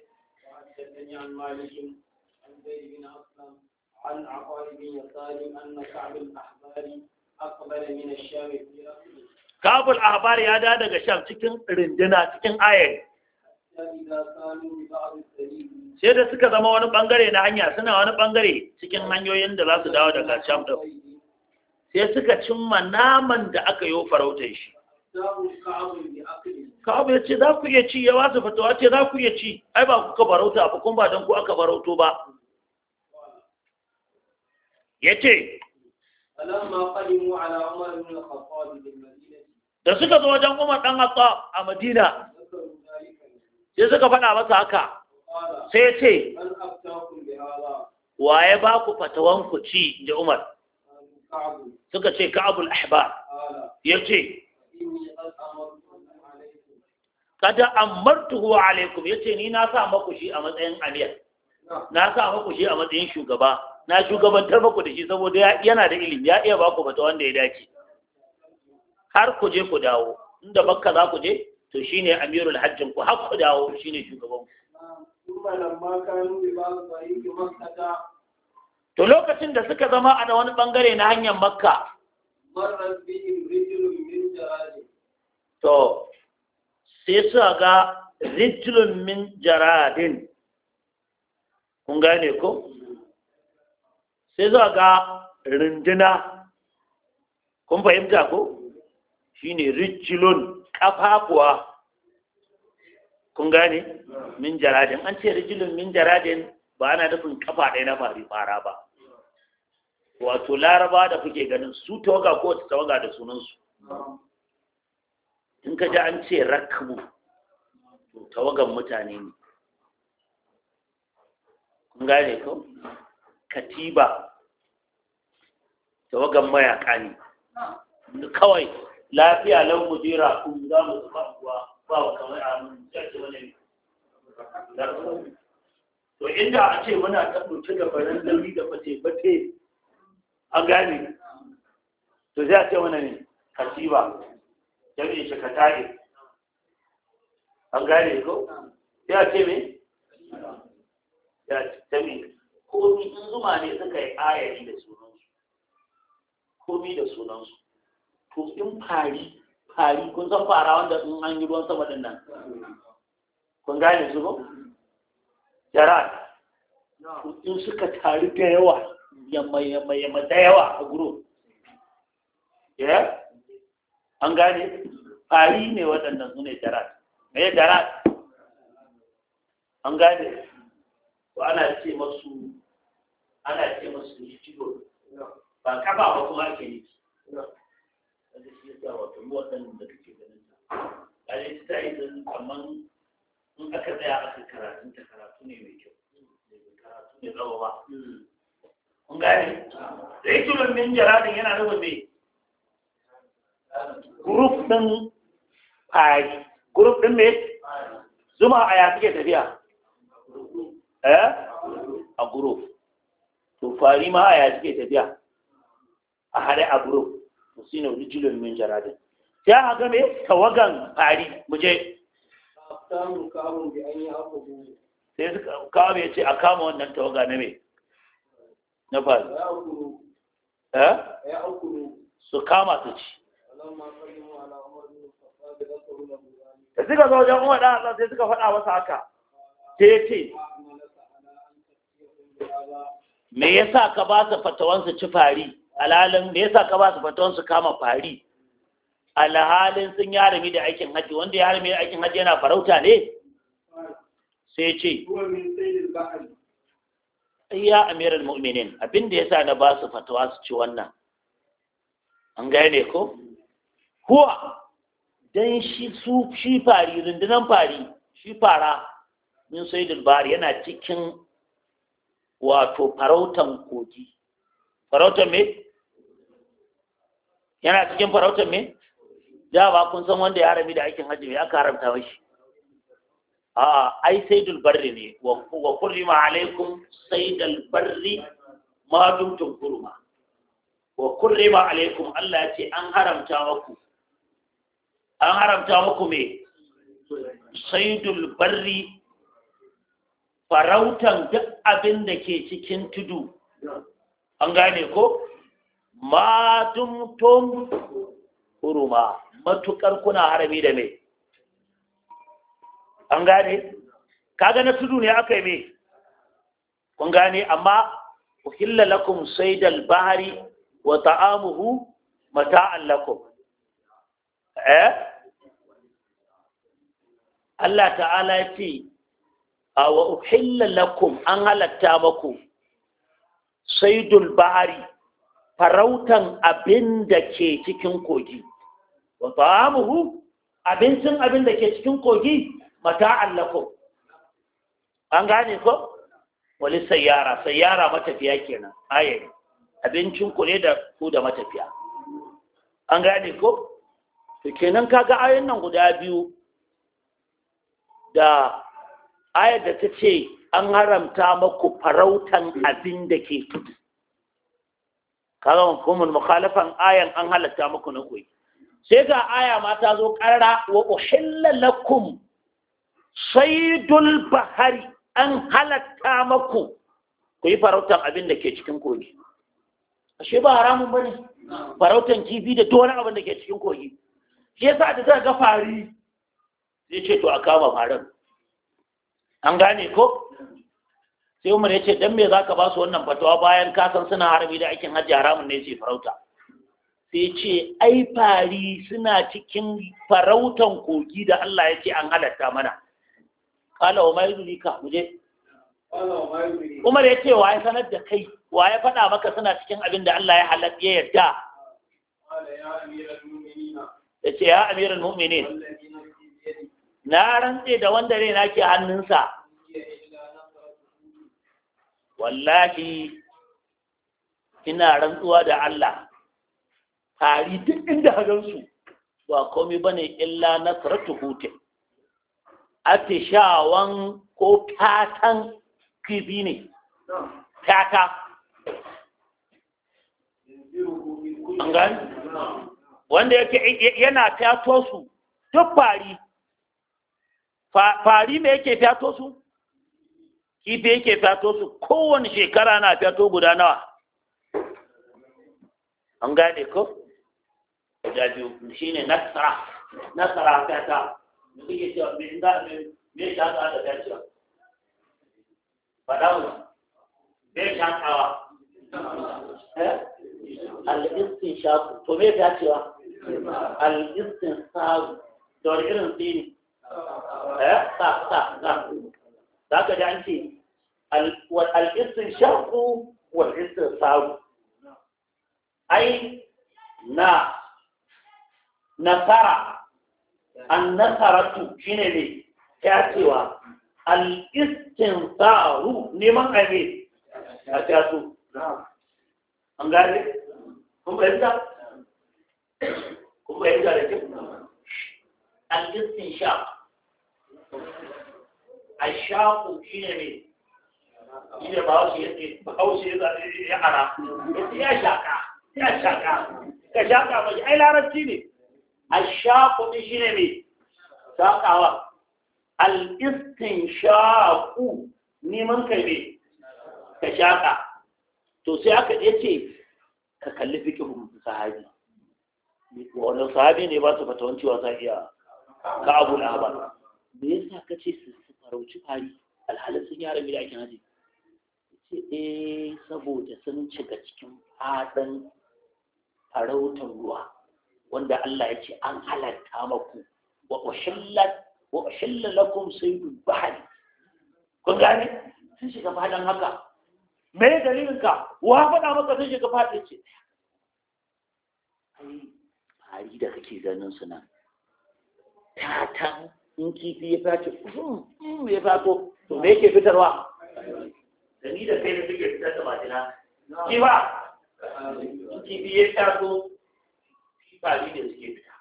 kabul ahbar ya da daga shan cikin rinduna cikin ayyana sai da suka zama wani bangare na hanya suna wani bangare cikin hanyoyin da za su dawo daga sham din sai suka cimma naman da aka yi farautar shi kawo ya ce za ku iya ci ya su fatawa ce za ku iya ci ai ba kuka farauta a fukun ba don ku aka farauto ba ya ce da suka zo wajen umar ɗan hatsa a madina sai suka faɗa masa haka sai ce waye ba ku fatawan ku ci da umar suka ce ka'abul ahbar ya ce kada amartuhu alaikum ya ce ni na sa maku shi a matsayin amir na sa maku shi a matsayin shugaba na shugabantar maku da shi saboda yana da ilimi ya iya baku fata wanda ya dace har ku je ku dawo inda bakka za ku je to ne amirul hajjin ku har ku dawo ne shugaban ku to lokacin da suka zama a da wani bangare na hanyar makka to sai suka ga rijlun min jaradin kun gane ko sai zuwa ga rinduna kun fahimta ko ne rijlun ƙafafuwa kun gane min jaradin an ce rijilun min jaradin ba ana sun kafa ɗaya na fari fara ba wato laraba da kuke ganin su tawaga ko ta tawaga da sunansu in ka ji an ce rakabu tawagan mutane ne kun gane ko katiba tawagan mayaka ne kawai lafiya lau mu jira kun za mu zuba kuwa ba wa kamar a mun jaje wani to inda a ce muna ta ɗauke da faran nauyi da fate fate a gane to zai a ce wani ne ya jami'in shi ka tare an gane ko ya a ce me ya jami'in komi in zuma ne suka yi ayari da sunansu komi da sunansu to in fari fari kun san fara wanda in an yi ruwan sama dinnan kun gane su ba? yara to in suka taru da yawa yamma yamma yamma da yawa a guro ya an gane fari ne waɗannan su ne jarat me jarat an gane ko ana ce masu ana ce masu ba kaba ba kuma ake yi. ga wato waɗanda kake ganin ta kaje ta yi da kaman in aka tsaya aka karatun ta karatu ne mai kyau karatu ne tsawo ba kun gane da yake lumin jaradin yana nufin mai group din fari group din mai zuma a ya suke tafiya eh a group to fari ma a ya suke tafiya a hare a group musina rijilun min jaradin sai a ga me tawagan fari mu je sai suka kawo ya ce a kama wannan tawaga na me na fari eh? su kama su ci da suka zo wajen umar ɗan sai suka faɗa wasu haka sai ya ce me yasa ka ba su fatawan su ci fari alhalin me yasa ka ba su fatan su kama fari alhalin sun yi harami da aikin haji, wanda ya harami da aikin haji yana farauta ne sai ce ya amiral mu'minin abin da yasa na ba su fatawa su ci wannan an gane ko huwa dan shi su shi fari rundunan fari shi fara min sayyidul dilbari yana cikin wato farautan kogi farautan me yana cikin farautar me ba kun san wanda ya rami da aikin hajji ya karanta haramta mashi a'a ai saidul barri ne wa kurrima alaikum saidul barri ma dumtum kurma wa kurrima alaikum Allah ya ce an haramta muku an haramta muku me saidul barri farautan duk abin da ke cikin tudu an gane ko ma dumtum huruma matukar kuna harami da me an gane kaga na tudu ne aka yi me kun gane amma uhilla lakum saydal bahri wa ta'amuhu mata'an lakum eh Allah ta'ala ya ce a wa uhilla lakum an halatta maku saydul bahri farautan abin da ke cikin kogi wa ta'amuhu abincin abin da ke cikin kogi mata allako. an gane ko wani sayyara sayyara matafiya kenan ayayi abincin ku ne da ku da matafiya an gane ko to kenan kaga ayan nan guda biyu da ayar da ta ce an haramta maku farautan abin da ke tudu kaga hukumul mukhalafan ayan an halatta muku na koi. sai ga aya ma ta zo karara wa uhilla lakum saydul bahari an halatta maku ku yi farautan abin da ke cikin kogi ashe ba haramun bane farautan kifi da duk wani abin da ke cikin kogi shi yasa da zaka ga fari sai ce to a kama farar an gane ko sai umar ya ce dan me ka ba su wannan fatawa bayan ka san suna harami da aikin hajji haramun ne ce farauta sai ce ai fari suna cikin farautan kogi da Allah ya ce an halatta mana kala umar ka muje umar ya ce wa ya sanar da kai wa ya faɗa maka suna cikin abin da Allah ya halatta ya yarda ya ce ya amiran mu'minin na rantse da wanda ne nake hannunsa wallahi ina rantsuwa da Allah tari duk inda hagansu ba komai ba ne illa na saratu hute atishawan ko tatan kifi ne tata wanda yake yana tato su duk fari fari me yake tato su kifi yake fato su kowane shekara na fato guda nawa an gane ko da biyu shine nasara nasara fata da kike cewa me inda me ta ta da ta cewa fada mu me ta tawa eh al-istinshaq to me ta cewa al-istinshaq to irin tsini eh ta ta ta za ka ji an ce al'istin shaku wal istin saru ai na nasara an nasaratu shi ne ya cewa al'istin saru neman aime a taso an gane kun fahimta kun fahimta da kyau al'istin shaku ashaku shi ne shine ba wasu yace ba wasu zaɓe ya ara ya shaka ya shaka ka shaka ba ai larabci ne ashaku din shi ne sakawa al istinshaku neman kai ne ka shaka to sai aka iya ce ka kalli fikihun sahabi wannan sahabi ne ba su fata wancewa ta iya ka abu da haɓar me yasa ka ce su ɗauki fari alhalin sun yara da aikin haji ce eh saboda sun shiga cikin fadan farautar ruwa wanda Allah ya ce an halatta maku wa ushilla lakum saydul bahri kun gane sun shiga fadan haka me dalilin ka wa faɗa maka sun shiga fadan ce ai fari da kake ganin su nan ta in kifi ya sace hmm, hmm, ya sato to me yake fitarwa da ni da kai da suke fitar da majina ki ba kifi ya sato kifari ne suke fita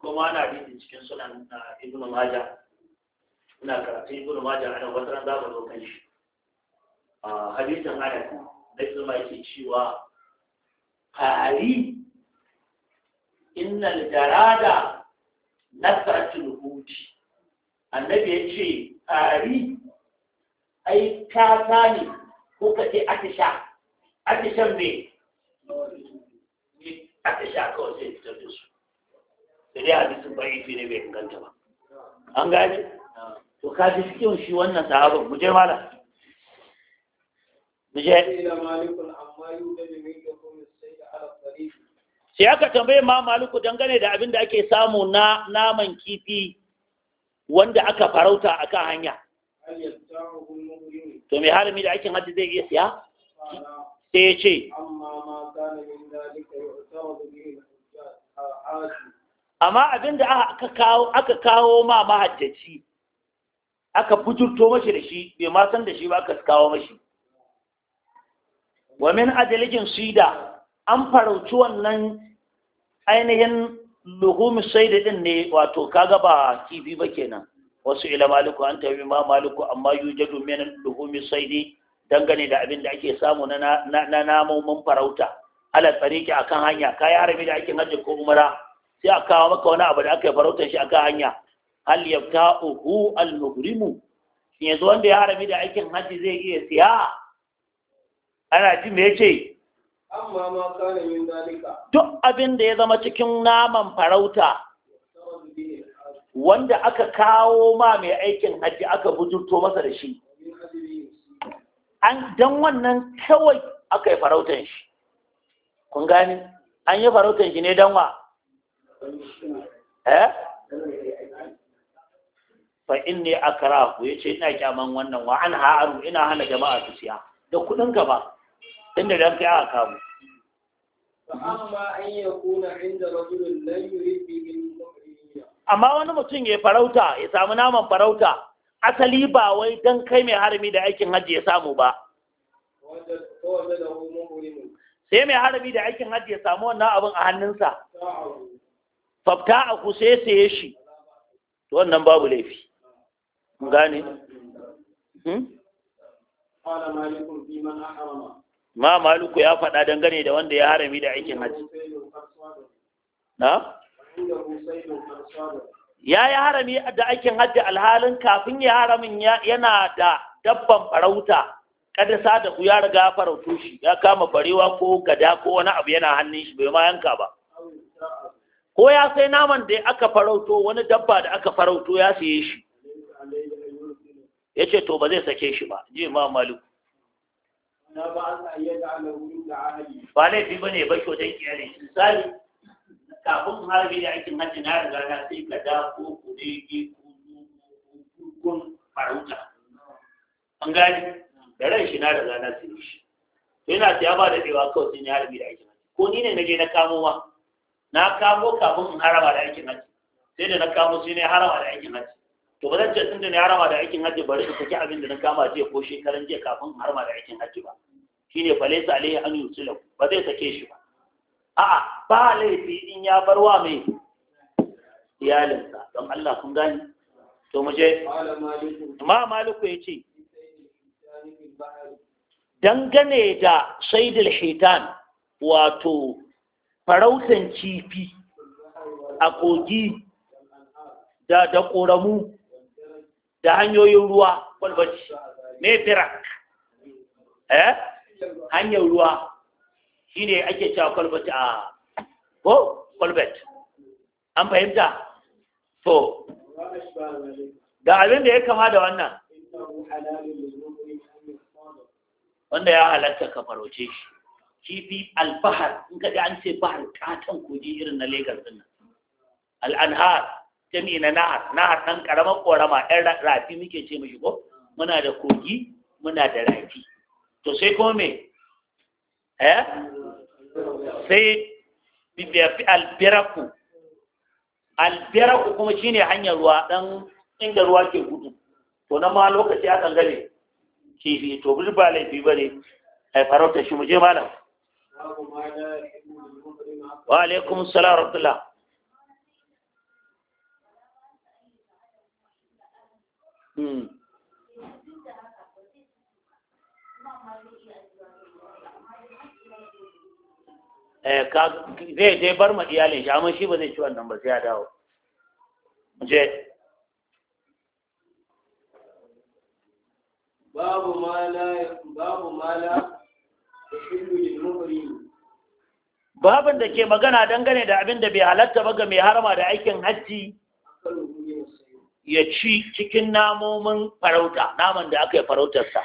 kuma ana bin cikin sunan ibnu majah ina karatu ibnu majah ana wata ran za mu zo kan shi hadisin anas da kuma ke cewa fari innal jarada nasatul huti annabi ya ce tari ai kata ne ko ka atisha atishan atisha kawai sai fitar da su da dai bai fi bai ba an gane to ka ji cikin shi wannan mu je mala mu je sai aka tambaye ma Maluku dangane da abin da ake samu na naman kifi wanda aka farauta a kan hanya to mai harami da aikin hajji zai iya siya sai ya ce amma abin da aka kawo ma mahajjaci aka bujurto mashi da shi bai ma san da shi ba aka kawo mashi wa min ajalikin sida an farauci wannan ainihin sai da din ne wato kaga ba kifi ba kenan wasu ila maliku an tafi ma maliku amma yujadu min sai da dangane da abin da ake samu na na namomin farauta ala tsariki akan hanya kai harami da ake hajji ko umara sai a kawo maka wani abu da aka farautar shi akan hanya hal yabta'uhu al-mughrimu yanzu wanda ya harami da aikin hajji zai iya siya ana ji me yace duk abin da ya zama cikin naman farauta wanda aka kawo ma mai aikin hajji aka bujurto masa da shi an dan wannan kawai aka yi farautan shi kun gani an yi farautan shi ne dan wa eh fa inni akrahu yace ina kyaman wannan wa an ha'aru ina hana jama'a su siya da kudin gaba inda da sai aka kamu amma wani mutum ya farauta ya samu naman farauta asali ba wai don kai mai harami da aikin hajji ya samu ba sai mai harami da aikin hajji ya samu wannan abin a hannunsa fafta a kusa saye shi wannan babu laifi gane? ma maluku ya faɗa dangane da wanda ya harami da aikin hajji ya yi harami da aikin hajji alhalin kafin ya haramin yana da dabban farauta kada sa da ya riga farautu shi ya kama barewa ko gada ko wani abu yana hannun shi bai ma yanka ba ko ya sai naman da aka farauto wani dabba da aka farauto ya saye shi ya ce to ba zai sake shi ba ji ma maluku na ba Allah ya da alahu da ahli ba laifi bane ba ko dan kiyare misali kafin harbi da aikin hajji na riga na sai ka da ko kurege ko kun farauta an gani da ran shi na riga na sai shi to yana ta ba da dewa kawai sai ni harbi da aikin hajji ko ni ne naje na kamo wa na kamo kafin in haraba da aikin hajji sai da na kamo sai ne haraba da aikin hajji to ba zan ce tun da na harama da aikin hajji bari su saki abin da na kama jiya ko shekaran jiya kafin ma da aikin hajji ba shine falaisa alayhi an yusila ba zai sake shi ba a'a ba laifi in ya bar wa mai iyalinsa don Allah kun gani to mu je ma maliku ya ce dangane da saidul shaitan wato farautan kifi a kogi da da ƙoramu da hanyoyin ruwa kwalbaci me firak eh hanyar ruwa shine ake cewa kwalbaci a ko kwalbat an fahimta to ga abin da ya kama da wannan wanda ya halatta ka faroce shi kifi alfahar in kaɗi an ce bahar katon kogi irin na Legas din nan al'anhar jami na nahar nahar ɗan ƙaramar ƙorama ɗan rafi muke ce mishi ko muna da kogi muna da rafi to sai kuma me eh sai bibiyafi albiraku albiraku kuma shine hanyar ruwa ɗan inda ruwa ke gudu to na ma lokaci a kan gane kifi to bi ba laifi ba ne ai farauta shi mu je malam wa alaikum salam rahmatullah Hmm. Eh, zai Zai bar ma iyalin shi amma shi ba zai ci wannan ba sai ya dawo je babu mala babu mala babin da ke magana dangane da abin da bai halatta ba ga mai harama da aikin hajji ya ci cikin namomin farauta naman da aka yi farautarsa.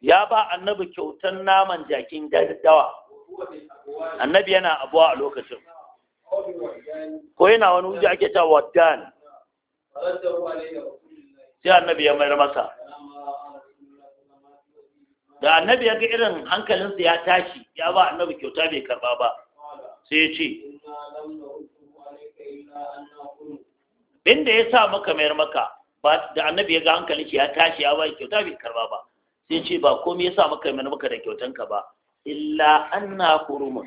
Ya ba annabi kyautar naman jakin dawa, annabi yana abuwa a lokacin. ko yana wani wuce ake ta wadan sai annabi ya mayar masa da annabi ya ga irin hankalinsa ya tashi ya ba annabi kyauta bai karba ba sai ya ce inda ya sa maka mayar maka ba da annabi ya ga hankalin shi ya tashi ya ba kyauta bai karba ba sai ya ce ba komai ya sa maka mayar maka da kyautanka ba illa anna hurumun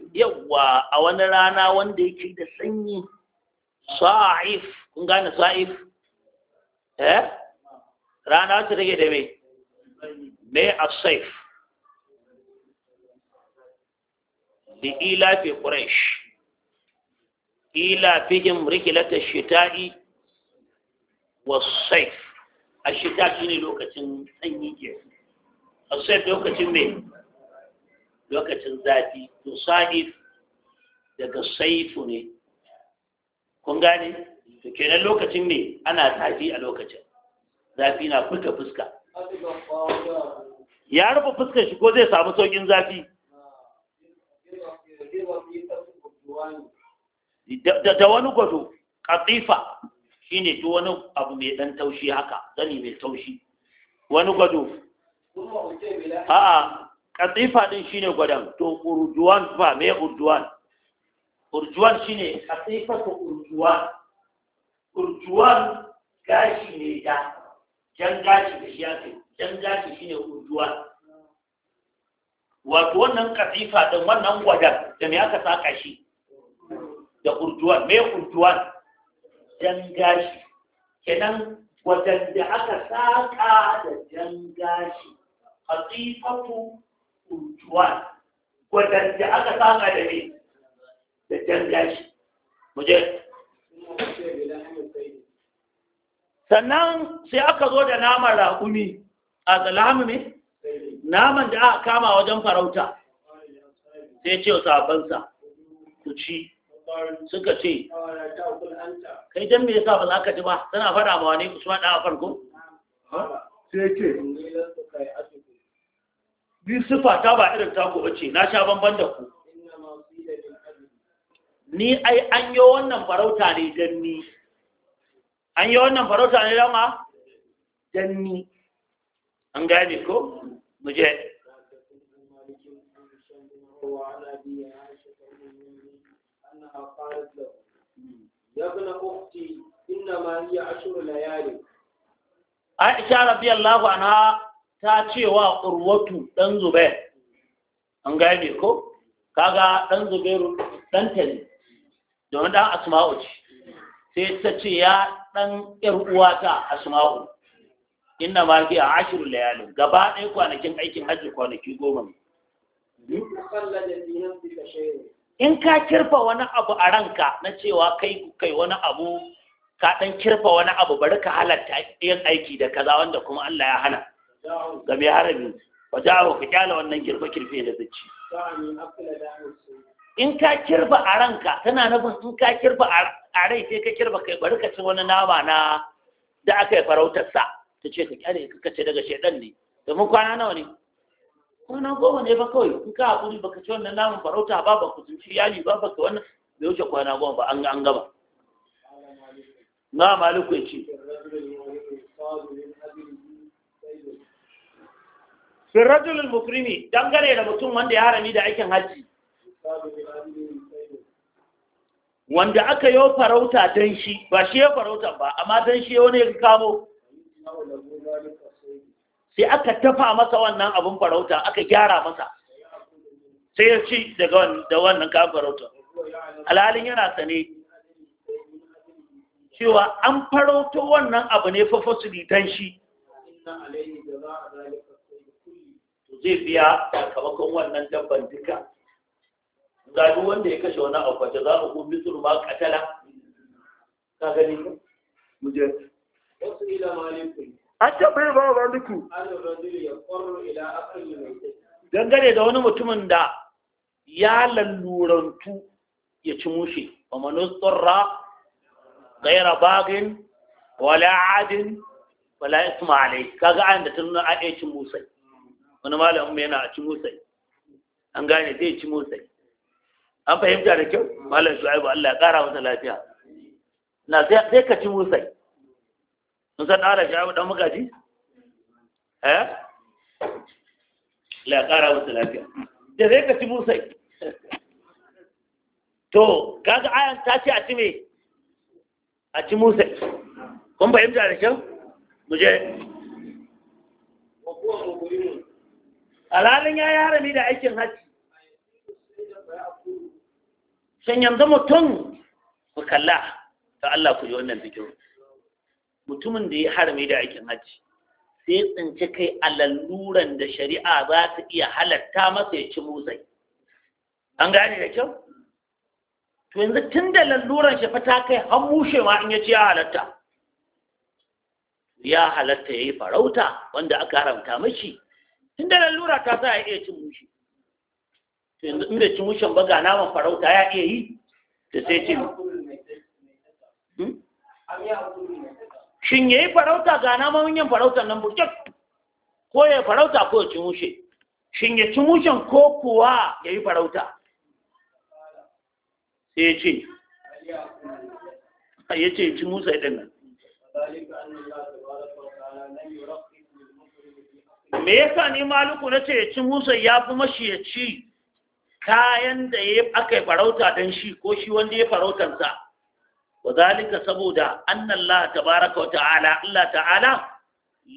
yawwa a wani rana wanda yake da sanyi sa'if kun gane sa'if eh rana ta rage da me me a saif bi ila fi quraish ila fihim rikilat ash-shita'i wa saif a shita shine lokacin sanyi ke a saif lokacin me lokacin zafi tusanif daga saifu ne kun gane to kenan lokacin ne ana zafi a lokacin zafi na fuka fuska ya rufe fuskar shi ko zai samu saukin zafi da wani gwado katifa shine to wani abu mai dan taushi haka zani mai taushi wani gwado a'a katifa din shine gwadan, to urduwan fa me urduwan urduwan shine katifa ko urjuwan urduwan gashi ne da jan gashi da shi ake jan gashi shine urjuwan wato wannan katifa din wannan gwadan da me aka saka shi da urjuwan me urjuwan jan gashi kenan gwadan da aka saka da jan gashi katifatu kuntuwa gwadon da aka saka da ne da jan gashi muje sannan sai aka zo da naman raƙumi a zalamu ne naman da aka kama wajen farauta sai ce sabansa ku ci suka ce kai Jan me yasa ba za ka ji ba tana fada ma wani kusurwa da farko sai ce ni sifa ta ba irin taku bace na sha banban da ku ni ai an yi wannan farauta ne dan ni an yi wannan farauta ne dan ma dan ni an gane ko mu je يا ابن أختي إنما هي عشر ليالي aisha radiyallahu anha ta wa ƙurwatu ɗan zubair an gane ko kaga ɗan zubairu ɗan ta domin ɗan asma'u ce sai ta ce ya ɗan yar uwata asma'u inna ma a ashirin layalin gaba ɗaya kwanakin aikin hajji kwanaki goma ne hmm? in ka kirfa wani abu a ranka na cewa kai kai wani abu ka ɗan kirfa wani abu bari ka halatta yin aiki da kaza wanda kuma Allah ya hana ga mai harami wa jawo ka kyala wannan girba kirfe da zaci in ka kirba a ranka tana nufin in ka kirba a rai sai ka kirba kai bari ka ci wani nama na da aka yi farautar sa ta ce ka kyale ka kace daga shedan ne domin kwana nawa ne kwana goma ne ba kawai in ka haƙuri baka ci wannan naman farauta ba ba ku tunci yali ba ba ka wannan bai wuce kwana goma ba an gaba na maliku ya ce fi rajulul mukrimi dangane da mutum wanda ya harami da aikin hajji wanda aka yi farauta don shi ba shi ya farauta ba amma don shi ya wani ya kamo sai aka tafa masa wannan abin farauta aka gyara masa sai ya ci daga wannan ka farauta alhalin yana sane cewa an farauta wannan abu ne fa fasuli shi zai biya sakamakon wannan dabban duka ga wanda ya kashe wani kwace, za a ku misur ma katala ka gani ka, mu je wasu ila malikun an tabbai ba wa duku dangane da wani mutumin da ya lallurantu ya ci mushe wa manustarra gaira bagin wala adin wala ismailai kaga an da tun nuna a cin musai wani malamin mai yana a ci motsai an gane zai ci motsai an fahimta da kyau malam shu'aibu Allah ya kara masa lafiya na sai ka ci motsai sun san shi shu'aibu ɗan magaji eh la kara masa lafiya da zai ka ci motsai to kaga ayan ta ce a ci me a ci motsai kun fahimta da kyau mu je alalin ya yi harami da aikin haji sun yanzu mutum ku kalla ta Allah ku yi wannan zikirin mutumin da ya harami da aikin haji sai tsinci kai a lalluran da shari'a za ta iya halatta masa ya ci motsai. an gane da kyau to yanzu tun da lalluran shi ta kai har mushe ma in ya ci ya halatta ya halatta ya yi farauta wanda aka haramta mashi tun da lura ta za a iya cin mushi to yanzu in bai mushin ba ga naman farauta ya iya yi da sai ce hmm? shin ya yi farauta ga naman yin farautar nan burkek ko ya farauta ko ya cin mushe shin ya cin mushin ko kuwa ya yi farauta sai ya ce ya ce cin musa ɗin nan me yasa ni maluku na ce ya ci musa ya fi mashi ya ci kayan da ya aka farauta dan shi ko shi wanda ya farautansa wa zalika saboda annallaha tabaraka wa ta'ala Allah ta'ala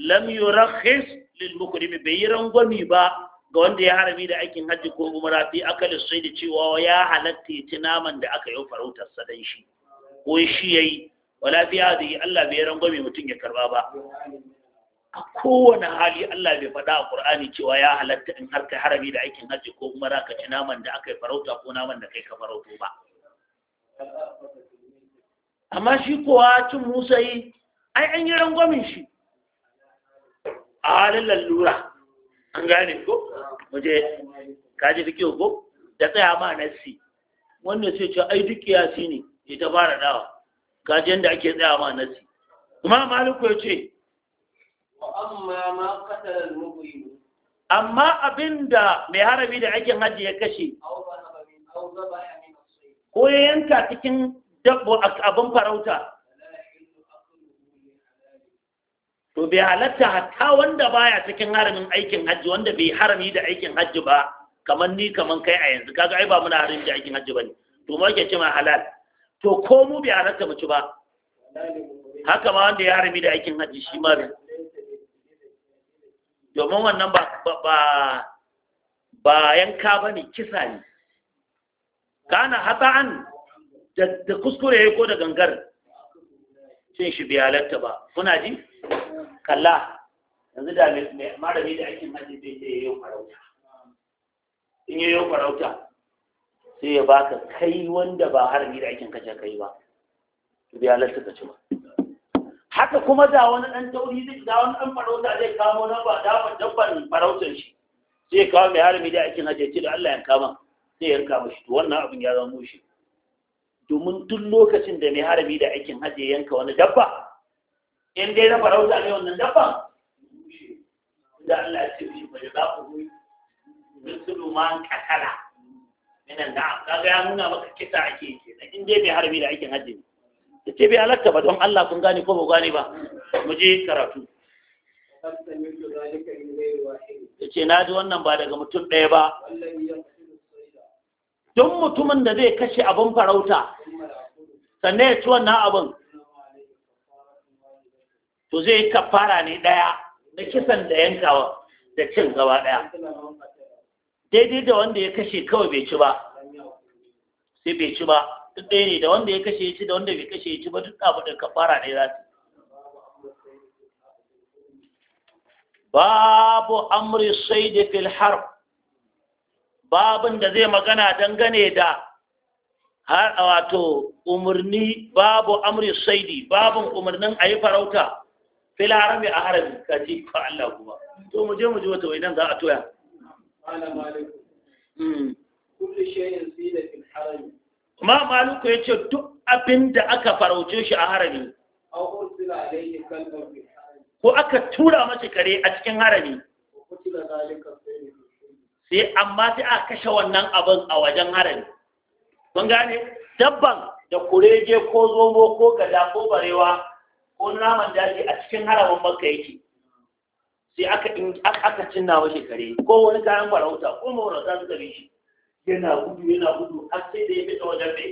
lam yurakhis lil mukrimi bai yi rangwami ba ga wanda ya harbi da aikin hajji ko umara fi akali sai da cewa ya halatta ya naman da aka yi farautarsa dan shi ko shi yayi wala fi hadi Allah bai rangwami mutum ya karba ba a kowane hali Allah bai faɗa a Qur'ani cewa ya halatta in har kai harami da aikin hajji ko kuma za ka ci naman da aka yi farauta ko naman da kai ka farauto ba amma shi kowa cin Musa yi ai an yi rangwamin shi a halin lallura an gane ko waje Ka ji fiƙe ko da tsaya ma nassi wannan sai ce ai duk kiyasi ne ya fara dawa ji yadda ake tsaya ma nassi kuma maliku ya ce amma abinda mai harabi da aikin hajji ya kashe ko ya yanka cikin dabbo abin farauta to bai halatta hatta wanda baya cikin haramin aikin hajji wanda bai harami da aikin hajji ba kamar ni kamar kai a yanzu kaga ai ba muna harin da aikin hajji bane to mu ake ce ma halal to ko mu bai halatta mu ci ba haka ma wanda ya harami da aikin hajji shi ma bai domin wannan ba ba ba yanka ba ne kisa ne kana an da kuskure ya ko da gangar cin shi bai halatta ba kuna ji kalla yanzu da marami da aikin hajji bai ya yi farauta in yi farauta sai ya baka kai wanda ba harbi da aikin kace kai ba biya halatta ka ci ba haka kuma da wani ɗan tauri zai da wani ɗan farauta zai kamo na ba daban dabban farautar shi zai kawo mai harami da aikin hajji ce da Allah ya kama Zai ya yanka mashi wannan abin ya zama mushi domin duk lokacin da mai harami da aikin hajji ya yanka wani dabba in dai na farauta ne wannan dabba da Allah ya ce shi ba za ku yi misulu man kakala minan da ga ya nuna maka kisa ake kenan in dai mai harami da aikin hajji ne ta ce bai halatta ba don Allah kun gane ko ba gane ba mu je karatu ta na ji wannan ba daga mutum ɗaya ba don mutumin da zai kashe abin farauta sannan ya ci wannan abin to zai yi kafara ne ɗaya na kisan da yankawa da cin gaba ɗaya daidai da wanda ya kashe kawai bai ci ba sai bai ci ba duk ɗaya ne da wanda ya kashe shi da wanda bai kashe shi ba duk abu da kafara ne za su babu amri saidi fil harb babin da zai magana dangane da har wato umarni babu amri saidi babin umarnin a yi farauta fil harami a harami ka ji fa Allah kuma to mu je mu ji wata wainan za a toya kullu shay'in saida harami ma maluku ya ce duk abin da aka farauce shi a harami ko aka tura masa kare a cikin harami sai amma sai a kashe wannan abin a wajen harami kun gane dabban da kurege ko zomo ko gada ko barewa ko naman daji a cikin haramin makka yake sai aka aka cinna mashi kare ko wani kayan farauta ko mawarauta suka bi shi yana gudu yana gudu har sai da ya fita wajen mai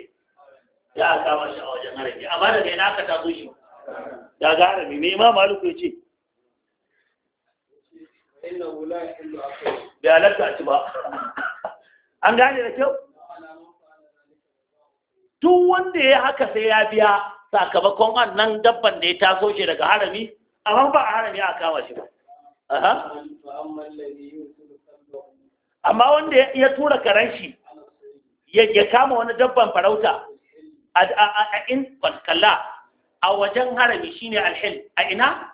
ya a kama shi a wajen harami amma daga yana aka taso shi ya ga harami me ma maliku ya ce bai halatta ci ba an gane da kyau Tun wanda ya haka sai ya biya sakamakon nan dabban da ya taso shi daga harami amma ba a harami a kama shi ba amma wanda ya tura karen shi ya kama wani dabban farauta a in kalla a wajen harami shine alhil a ina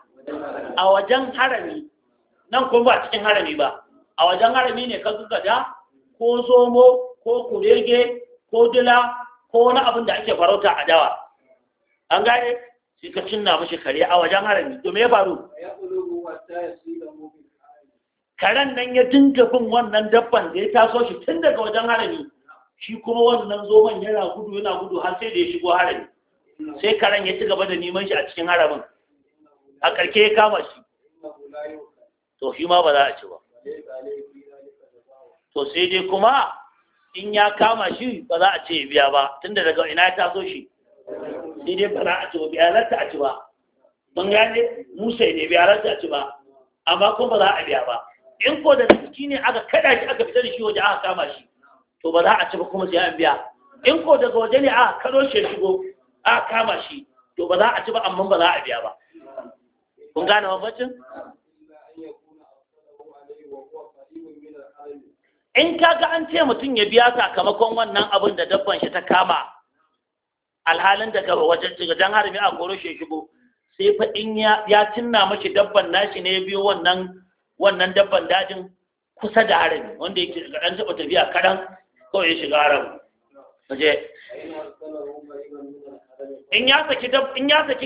a wajen harami nan kuma ba cikin harami ba a wajen harami ne ka gada ko zomo ko kurege ko dila ko wani abin da ake farauta a dawa an gane sai na cinna mashi kare a wajen harami domin ya faru karen nan ya dinga bin wannan dabban da ya taso shi tun daga wajen harami shi kuma wannan zoman yana gudu yana gudu har sai da ya shigo harami sai karen ya ci gaba da neman shi a cikin haramin a karke ya kama shi to shi ma ba za a ci ba to sai dai kuma in ya kama shi ba za a ce biya ba da daga ina ya taso shi sai dai ba za a ci ba biya halarta a ci ba mun gane musa ne biya halarta a ci ba amma kuma ba za a biya ba in ko da rikici ne aka kada shi aka fitar shi waje aka kama shi to ba za a ci ba kuma sai an biya in ko daga waje ne aka kado shi shigo aka kama shi to ba za a ci ba amma ba za a biya ba kun gane mabacin in kaga an ce mutum ya biya sakamakon wannan abin da dabban shi ta kama alhalin daga wajen jan harbi a koro shi shigo sai fa in ya cinna mashi dabban nashi ne ya biyo wannan wannan dabban dajin kusa da harami wanda yake ɗan taɓa tafiya kaɗan kawai ya shiga harami waje in ya saki dab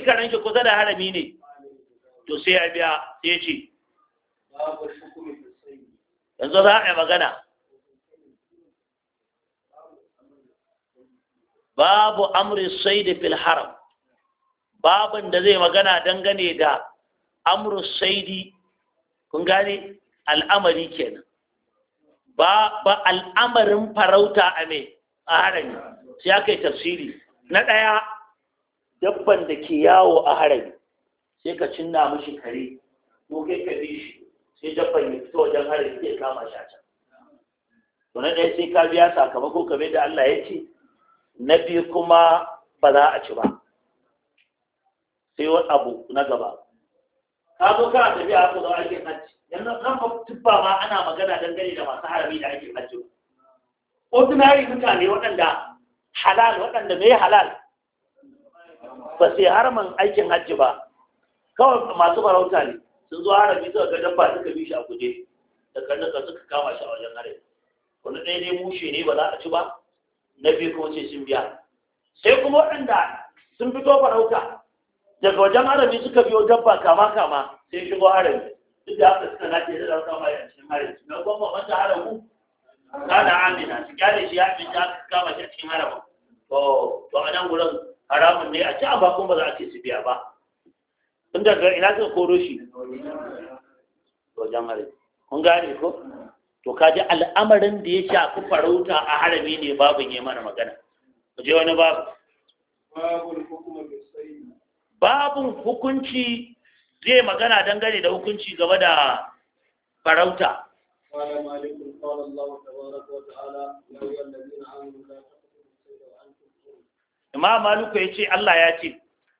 karen shi kusa da harami ne to sai ya biya ya ce yanzu za a yi magana babu amri sai da fil haram babin da zai magana dangane da amru saidi kun gane al'amari kenan ba ba al'amarin farauta a me a harami sai aka yi tafsiri na ɗaya dabban da ke yawo a harami sai ka cinna mashi kare ko kai ka bi shi sai dabban ya fito wajen harami zai kama shi a can to na ɗaya sai ka biya sakamako kamar da Allah ya ce na biyu kuma ba za a ci ba sai wani abu na gaba ka zo kana tafiya haka zo aikin hajji yanzu kan ba tuffa ma ana magana dangane da masu harami da aikin hajji ordinary mutane waɗanda halal waɗanda mai halal ba sai harman aikin hajji ba kawai masu farauta ne sun zo harami suka ga dabba suka bi shi a guje da karnuka suka kama shi a wajen harami wani ɗaya ne mushe ne ba za a ci ba na biyu kuma ce sun biya sai kuma waɗanda sun fito farauta daga wajen harami suka biyo dabba kama kama sai shigo harami duk da haka suka nace da dauka mai a cikin harami na gwamma wanda haramu kana amina su kyale shi ya fi ta kama shi a cikin haramin to to a nan wurin haramun ne a ci a bakon ba za a ce su biya ba tun daga ina suka koro shi wajen harami kun gane ko to kaji al'amarin da ya shafi farauta a harami ne babu yi mana magana ku je wani babu babun hukunci zai magana dangane da hukunci gaba da farauta imam مالك ya ce Allah ya ce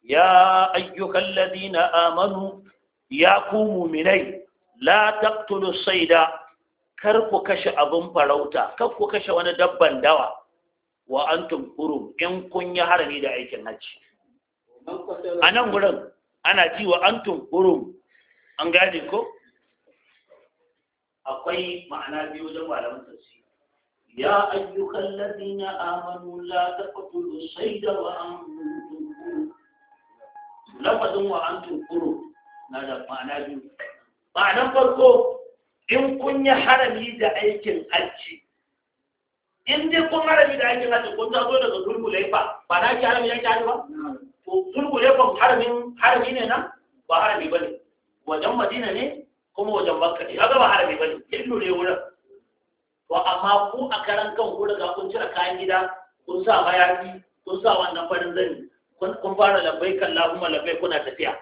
ya ayyuhal ladina amanu ya ku mu'minai la taktulu sayda kar ku kashe abin farauta kar ku kashe wani dabban dawa wa antum in kun yi harami da aikin hajji a nan wurin ana ji wa an tunkurum an gaji ko akwai ma'ana biyu wajen malamin tafsiri ya ayyukan ladina amanu la taqtulu sayda wa antum huru lafazin wa antum huru na da ma'ana biyu ma'anar farko in kun yi harami da aikin hajji in dai kun harami da aikin hajji kun zo daga zulmulaifa ba na ki harami ya aikin ba zulhulaifa harbin harbi ne nan ba harbi bane wajen madina ne kuma wajen makka ne kaga ba harbi bane illu ne wurin to amma ku a karan kan ku daga kun cire kayan gida kun sa bayani kun sa wannan farin zani kun fara labbai kan lahumma labbai kuna tafiya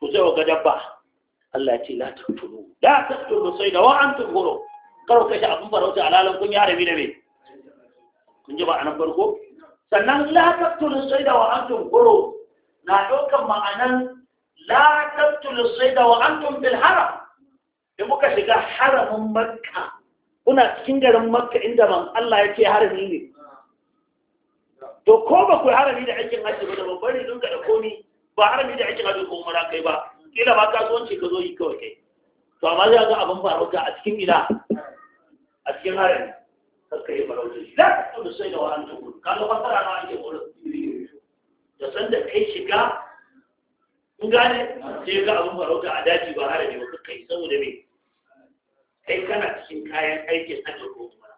ku sai ga dabba Allah ya ce la tafturu la tafturu sai da wa antum huru karo kashi abun farauta alalan kun ya rabi da me kun ji ba anan farko sannan la tafturu sai da wa antum huru na ɗaukan ma'anan la tabtulu saida wa antum bil haram da muka shiga haramin makka kuna cikin garin makka inda man Allah ya ce harami ne to ko ba ku harami da aikin hajji ba da babban rizun ga da komi ba harami da aikin hajji ko umara kai ba kila ba kasuwanci ka zo yi kawai kai to amma za ga abin farauta a cikin ila a cikin harami kar ka yi farauta la tabtulu saida wa antum kaga fasara na ake wurin da da kai shiga in gane sai ga abin farauta a daji ba da ba kuka yi saboda me kai kana cikin kayan aikin hajji ko umara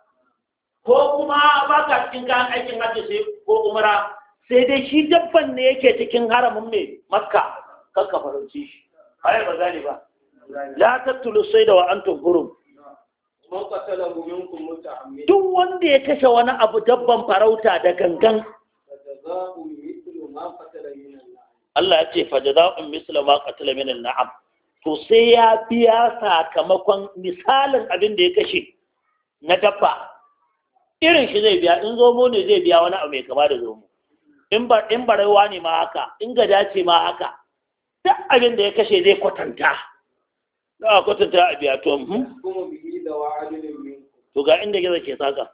ko kuma ba ka cikin kayan aikin hajji sai ko umara sai dai shi dabban ne yake cikin haramin mai makka kakka farauci shi ai ba gane ba la tatlu sai da wa antum hurum duk wanda ya kashe wani abu dabban farauta da gangan Allah ya ce fajaza'un misla ma qatala min al-na'am to sai ya biya sakamakon misalin abin da ya kashe na dabba irin shi zai biya in zomo ne zai biya wani abu mai kama da zomo in ba in barewa ne ma haka in gada ce ma haka duk abin da ya kashe zai kwatanta da kwatanta a biya to hmm. to ga inda gizo ke saka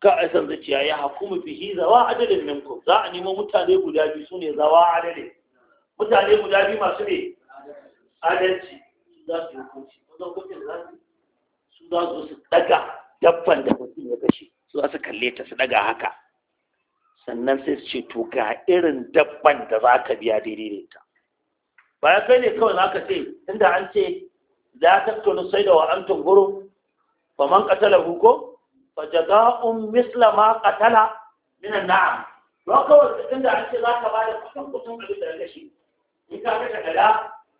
ka a san zuciya ya hakumu fihi zawa adadin minkum za a nemo mutane guda biyu su ne zawa adadin mutane guda biyu masu ne adalci za su yi hukunci wajen hukuncin za su su za su su daga dabban da mutum ya kashe su za su kalle ta su daga haka sannan sai su ce to ga irin dabban da za ka biya daidai ne ta. ba ya kai ne kawai za ka ce inda an ce za ka tattauna sai da wa'antun guru faman katalahu ko fajaza'un misla ma qatala min an'am don kawai cikin da an za ka bada kusan kusan abin da ka shi in ka kashe kada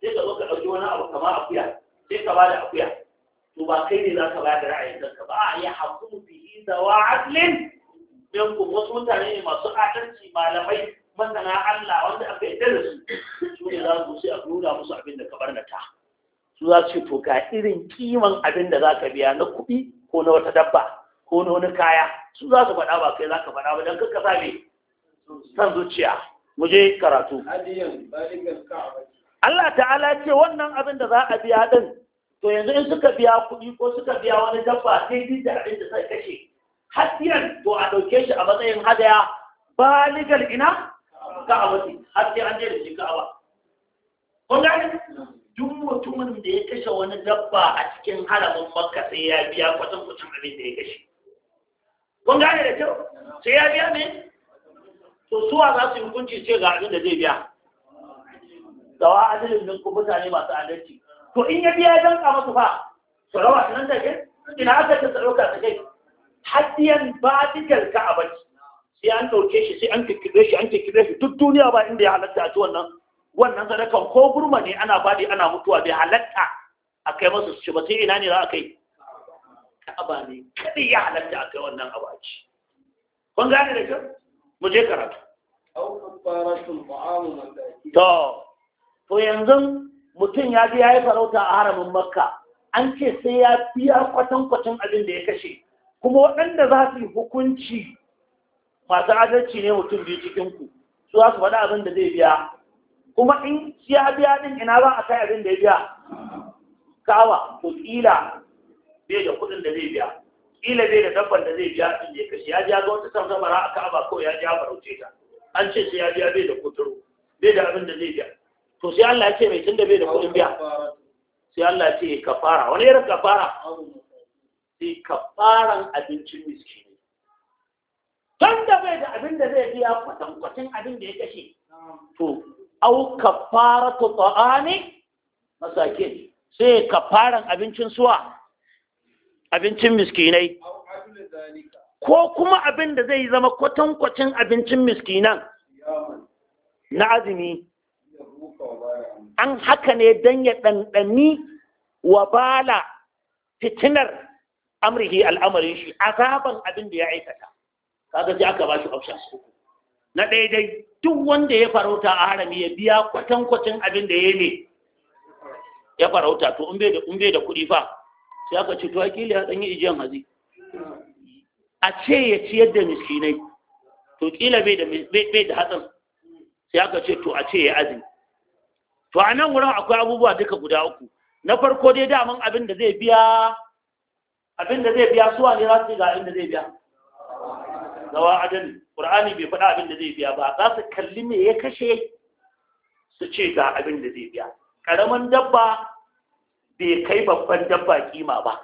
sai ka zo ka abu kamar akuya sai ka bada akuya to kai ne za ka bada ra'ayin kanka ba a yi hakun da wa adlin don ku wasu mutane ne masu adalci malamai masana Allah wanda aka yi da su su ne za su sai a nuna musu abin da ka su za su irin kiman abin da za ka biya na kuɗi ko na wata dabba ko na wani kaya su za su faɗa ba kai za ka faɗa ba don kakka sa ne san zuciya mu je karatu Allah ta'ala ce wannan abin da za a biya din to yanzu in suka biya kuɗi ko suka biya wani dabba sai din da abin da sai kashe hadiyan to a ɗauke shi a matsayin hadaya baligal ina ka har sai an je da shi ka'aba kun gane duk mutumin da ya kashe wani dabba a cikin haramin makka sai ya biya kwatan kwatan abin da ya kashe kun gane da kyau sai ya biya ne to suwa za su yi hukunci ce ga abin da zai biya dawa adalin nan mutane masu adalci to in ya biya dan ka musu fa su rawa nan da ke ina aka ta tsarauka ta kai hadiyan ba digal ka abaci sai an dauke shi sai an kikkire shi an kikkire shi duk duniya ba inda ya halatta a ci wannan wannan sadakan ko gurma ne ana bada ana mutuwa bai halatta a kai masu su ci ba sai ina ne za a kai ka'aba ne kada ya halatta a kai wannan abu Ban gane da kyau mu je karatu to to yanzu mutum ya je ya yi farauta a haramin makka an ce sai ya biya kwatankwacin abin da ya kashe kuma waɗanda za su yi hukunci masu adalci ne mutum biyu cikinku su za su faɗi abin da zai biya kuma in ya biya ɗin ina za a kai abin da ya biya kawa ko ƙila bai da kuɗin da zai biya kila bai da dabban da zai biya in je kashi ya ja ga wata samsamara a ka'aba ko ya ja farauce ta an ce sai ya biya bai da kuturu bai da abin da zai biya to sai Allah ya ce mai tunda bai da kuɗin biya sai Allah ya ce kafara wani irin kafara sai kafaran abincin miskini tun da bai da abin da zai biya kwatankwacin abin da ya kashe to au kafara ta ta'ani masakin sai kafaran abincin suwa abincin miskinai ko kuma abin da zai zama kwatankwacin abincin miskinan na azumi an haka ne don ya ɗanɗani wa bala fitinar amurki al'amarin shi a azaban abin da ya aikata kaga ji aka ba shi options na daidai duk wanda ya farauta a harami ya biya kwatankwacin abin da ya ne ya farauta to in da kuɗi fa sai aka ce to akili a ɗanyi ijiyan hazi a ce ya ciyar da miskinai to kila bai da hatsin sai aka ce to a ce ya azi. to a nan wurin akwai abubuwa duka guda uku na farko dai daman abin da zai biya abin da zai biya suwa ne za su ga abin da zai biya zawa adali qur'ani bai faɗa abin da zai biya ba za su kalli me ya kashe su ce ga abin da zai biya karaman dabba bai kai babban dabba kima ba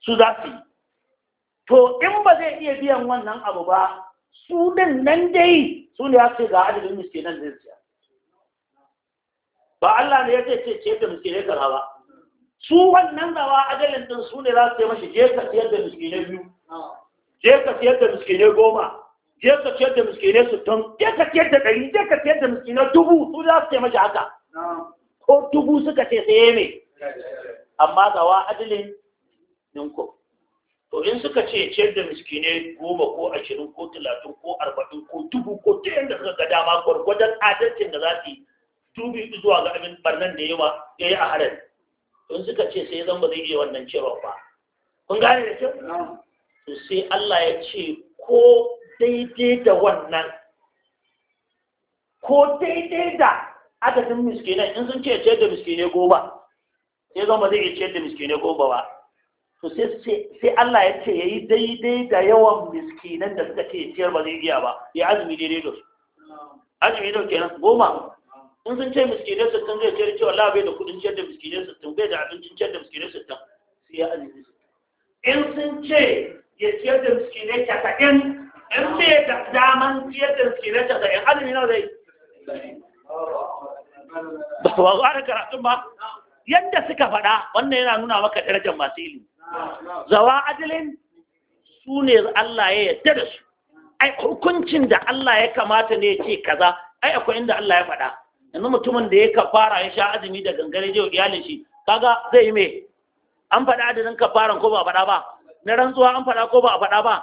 su za su yi to in ba zai iya biyan wannan abu ba su din nan dai su ne ya ce ga adadin miskinan zai siya ba Allah ne ya ce ce ce da miskinai kara ba su wannan zawa ajalin din su ne za su yi mashi je ka siyar da miskinai biyu je ka siyar da miskinai goma je ka siyar da miskinai sittin je ka siyar da ɗari je ka siyar da miskinai dubu su za su yi mashi haka ko dubu suka ce sai ne amma zawa adalin ninku to in suka ce ciyar da miskinai goma ko ashirin ko talatin ko arba'in ko dubu ko ta yadda suka ga dama gwargwadon adalcin da za su yi dubi zuwa ga abin barnan da yawa ya yi a harin in suka ce sai zan ba zai iya wannan cewa ba kun gane da kyau to sai Allah ya ce ko daidai da wannan ko daidai da adadin miskinai in sun ce ciyar da miskinai goma sai zama zai iya ciyar da miskine goma ba to sai Allah ya ce ya yi daidai da yawan miskinan da suka ce ciyar ba zai iya ba ya azumi daidai da su azumi da kenan goma in sun ce su tun zai ciyar cewa Allah da kudin ciyar da su tun bai da abincin ciyar da miskinai sittin sai ya azumi in sun ce ya ciyar da miskinai casa'in in bai da daman ciyar da miskinai casa'in azumi nawa zai ba karatun ba yadda suka faɗa wannan yana nuna maka darajar masu ilimi zawa adilin su ne Allah ya yadda da su ai hukuncin da Allah ya kamata ne ya ce kaza ai akwai inda Allah ya faɗa yanzu mutumin da ya fara ya sha azumi da gangare jiya iyalin shi kaga zai yi mai, an faɗa adadin kafaran ko ba faɗa ba na rantsuwa an faɗa ko ba a faɗa ba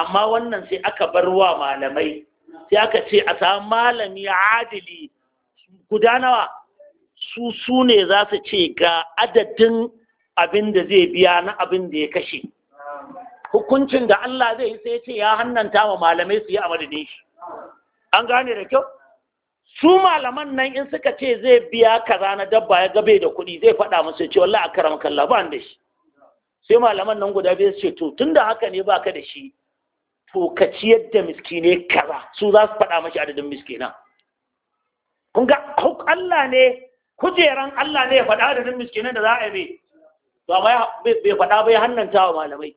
amma wannan sai aka bar wa malamai sai aka ce a samu malami adili guda nawa su su ne za su ce ga adadin abin da zai biya na abin da ya kashe hukuncin da Allah zai yi sai ce ya hannanta wa malamai su yi a madadin shi an gane da kyau su malaman nan in suka ce zai biya kaza na dabba ya gabe da kuɗi zai faɗa musu ce wallahi akaram kallah ba da shi sai malaman nan guda biyu ce to tunda haka ne baka da shi to ka ci yadda miskine kaza su za su faɗa mashi adadin miskina kun ga Allah ne kujeran Allah ne ya faɗa da nan miskinan da za a yi to amma bai faɗa bai hannanta wa malamai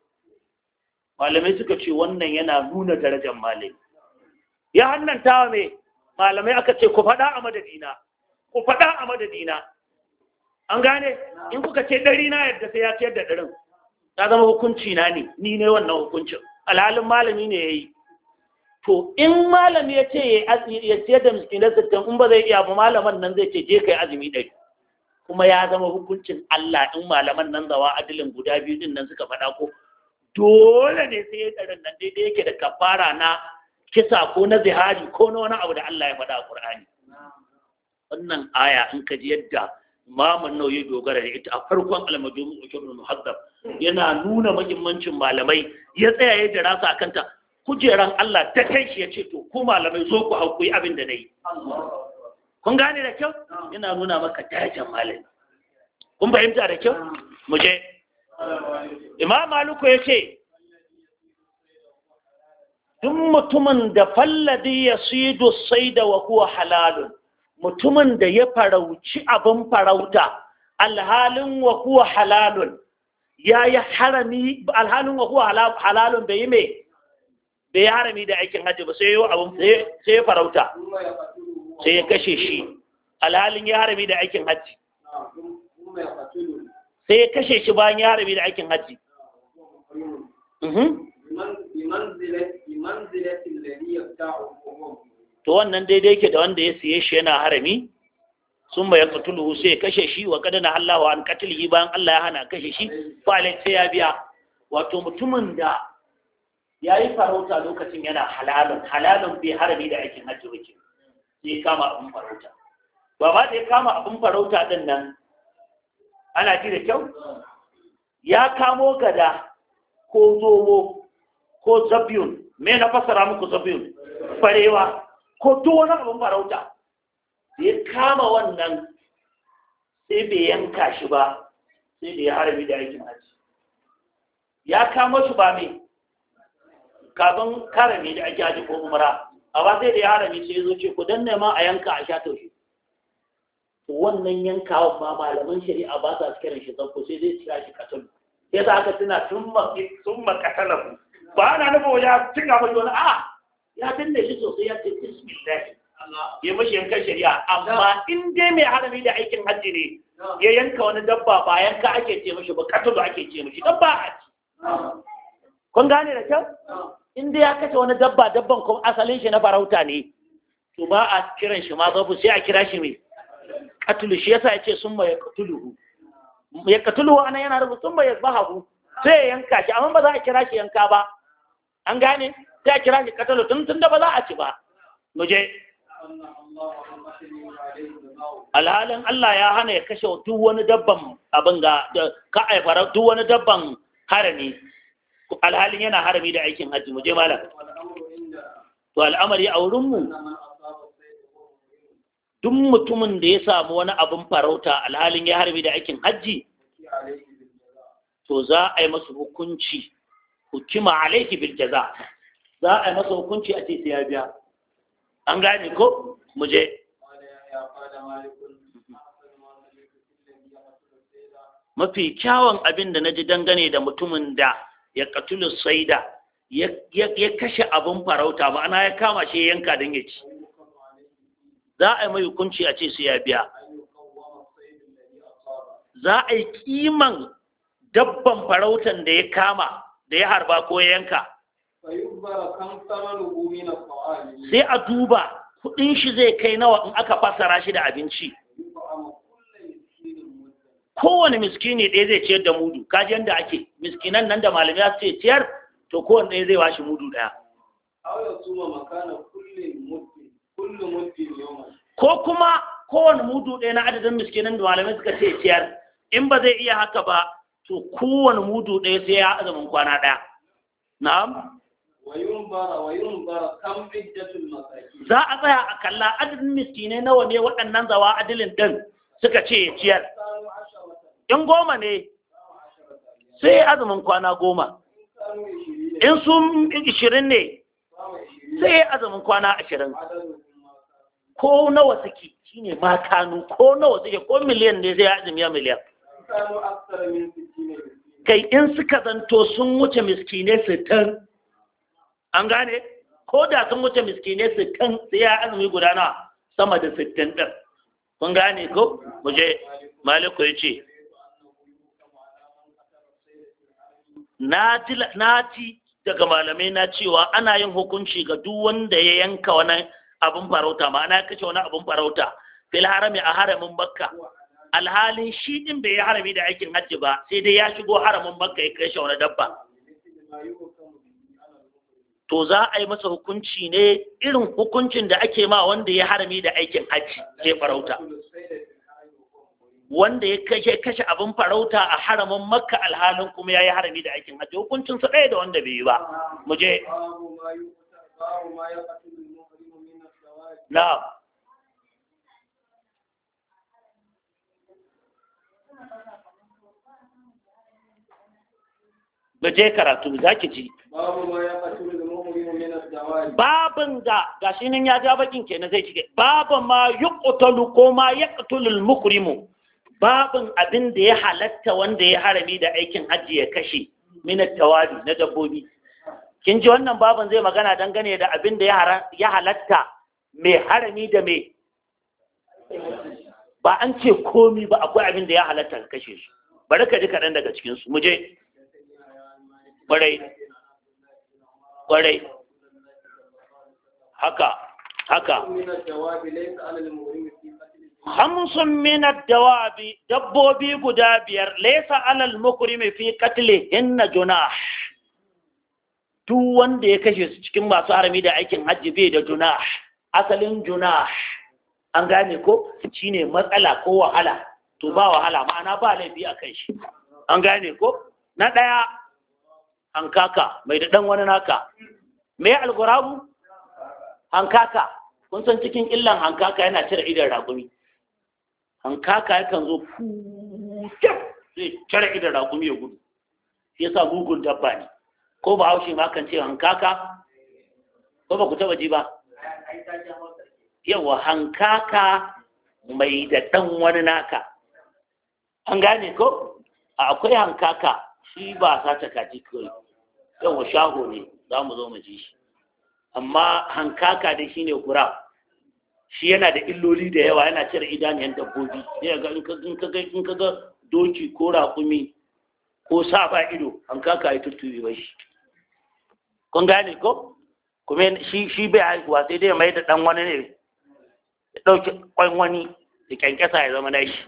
malamai suka ce wannan yana nuna darajar malami ya hannanta wa mai malamai aka ce ku faɗa a madadina ku faɗa a madadina an gane in kuka ce ɗari na yadda sai ya ciyar da ɗarin ta zama hukunci na ne ni ne wannan hukuncin alhalin malami ne ya yi to in malami ya ce ya ciyar da miskinai sittin in ba zai iya ba malaman nan zai ce je kai azumi ɗari kuma ya zama hukuncin Allah in malaman nan zawa adilin guda biyu din nan suka faɗa ko dole ne sai ya ɗarin nan daidai yake da kafara na kisa ko na zihari ko na wani abu da Allah ya faɗa a ƙur'ani. wannan aya in ka ji yadda Maman Nauyi dogara da ita a farkon almajumu Ushurul Muhazzab yana nuna mahimmancin malamai ya tsaya ya jira a kanta. kujeran Allah ta kai shi ya ce to ku malamai zo ku hau kuyi abin da na yi kun gane da kyau Ina nuna maka darajar malami kun fahimta da kyau mu je imam maluku ya ce duk mutumin da falladi ya sido sai da wa kuwa halalun mutumin da ya farauci abin farauta alhalin wa kuwa halalun ya yi harami alhalin wa kuwa halalun bai yi mai da ya harami da aikin hajji ba sai yau abin sai farauta sai ya kashe shi alhalin ya harami da aikin hajji sai ya kashe shi bayan ya harami da aikin hajji to wannan daidai ke da wanda ya siye shi yana harami sun bayan katulu sai ya kashe shi wa kadana hallawa an katilihi bayan Allah ya hana kashe shi fa sai ya biya wato mutumin da ya yi farauta lokacin yana halalun halalun bai harami da aikin hajji wake sai kama abin farauta ba ma da ya kama abin farauta din nan ana ji da kyau ya kamo gada ko zomo ko zabiyun me na fasara muku zabiyun farewa ko duk wani abin farauta ya kama wannan sai bai yanka shi ba sai da ya harami da aikin hajji ya kama shi ba mai kafin karami da ake haji ko umara ba sai da ya harami sai zo ce ku danne ma a yanka a sha taushe wannan yankawan ma malaman shari'a ba sa kiran shi zanko sai zai tsira shi katon sai za aka tuna sun makatalar ba na nufin wajen cin gaba wani a ya danne shi sosai ya ce bismillah ya mashi yankan shari'a amma in dai mai harami da aikin hajji ne ya yanka wani dabba ba yanka ake ce mashi ba katulu ake ce mashi dabba a ci kun gane da kyau in dai ya kace wani dabba dabban kuma asalin shi na farauta ne to ba a kiran shi ma zabu sai a kira shi mai katulu shi yasa yace summa ya katuluhu ya katuluhu ana yana rubu summa ya zahabu sai ya yanka shi amma ba za a kira shi yanka ba an gane sai a kira shi katulu tun tun da ba za a ci ba muje alhalin Allah ya hana ya kashe duk wani dabban abin ga ka aifara eh, duk wani dabban harami alhalin yana harami da aikin hajji mu je malam to al'amari a wurinmu duk mutumin da ya samu wani abin farauta alhalin ya harami da aikin hajji to za a yi masa hukunci hukima alaihi bil jaza za a yi masa hukunci a ce ya biya an gane ko mu je mafi kyawun abin da na ji dangane da mutumin da ya katulu saida ya kashe abin farauta ma'ana ya kama shi yanka don ya ci za a yi mai hukunci a ce su ya biya za a yi kiman dabban farautan da ya kama da ya harba ko ya yanka sai a duba kudin shi zai kai nawa in aka fasara shi da abinci kowane miskini ɗaya zai ciyar da mudu kaji yadda ake miskinan nan da malami ya ce ciyar to kowane ɗaya zai washe mudu ɗaya ko kuma kowane mudu ɗaya na adadin miskinan da malamai suka ce ciyar in ba zai iya haka ba to kowane mudu ɗaya sai ya azumin kwana ɗaya na'am za a tsaya a kalla adadin miskinai nawa ne waɗannan zawa adilin ɗin suka ce ciyar in goma ne sai azumin kwana goma in sun ishirin ne sai azumin kwana ashirin ko nawa suke ne ma kanu ko nawa suke ko miliyan ne zai azumi ya miliyan kai in suka zanto sun wuce miskine tan an gane ko da sun wuce miskine sittin sai ya azumi guda sama da sittin ɗin kun gane ko muje? maliku ya ce na ci daga malamai na cewa ana yin hukunci ga duk wanda ya yanka wani abin farauta ma'ana ya kashe wani abin farauta fil harami a haramin makka alhalin shi din bai yi harami da aikin hajji ba sai dai ya shigo haramin makka ya kai wani dabba to za a yi masa hukunci ne irin hukuncin da ake ma wanda ya harami da aikin hajji ke farauta wanda ya kashe kashe abin farauta a haramin makka alhalin kuma ya yi harami da aikin hajji hukuncin su ɗaya da wanda bai yi ba mu je na'am Mu je karatu za ki ji babin da ga shi nan ya ja bakin kenan zai shige babin ma ƙutalu ko ma yaqtulu ƙutulul mukurimu babin abin da ya halatta wanda ya harami da aikin hajji ya kashe minat tawari na dabbobi kin ji wannan babin zai magana dangane da abin da ya halatta mai harami da mai ba an ce komi ba akwai abin da ya halatta ka kashe su bari ka ji kaɗan daga cikinsu mu je ƙwarai ƙwarai haka haka hamsun minad dawabi dabbobi guda biyar laysa alal mukrimi fi qatlihinna junah duk wanda ya kashe su cikin masu harami da aikin hajji bai da junah asalin junah an gane ko shine matsala ko wahala to ba wahala ma'ana ba laifi a kai shi an gane ko na ɗaya hankaka mai da ɗan wani naka me algurabu hankaka kun san cikin illan hankaka yana cire idan raguni. an kaka yakan zo kutar zai tare idan rakumi ya gudu ya sa gugun dabba ne ko ba haushe ma kan ce hankaka ko ba ku taba ji ba yawa hankaka mai da ɗan wani naka an gane ko akwai hankaka shi ba sa ta kaji kawai yawa shago ne za mu zo mu ji shi amma hankaka dai shine kurab shi yana da illoli da yawa yana cire yan dabbobi sai ga in ka ga in ka ga doki ko raƙumi ko sa ba ido an ka yi tutubi ba shi kun gane ko kuma shi shi bai haihuwa sai dai mai da dan wani ne ya dauki kwan wani ya kyankyasa ya zama nashi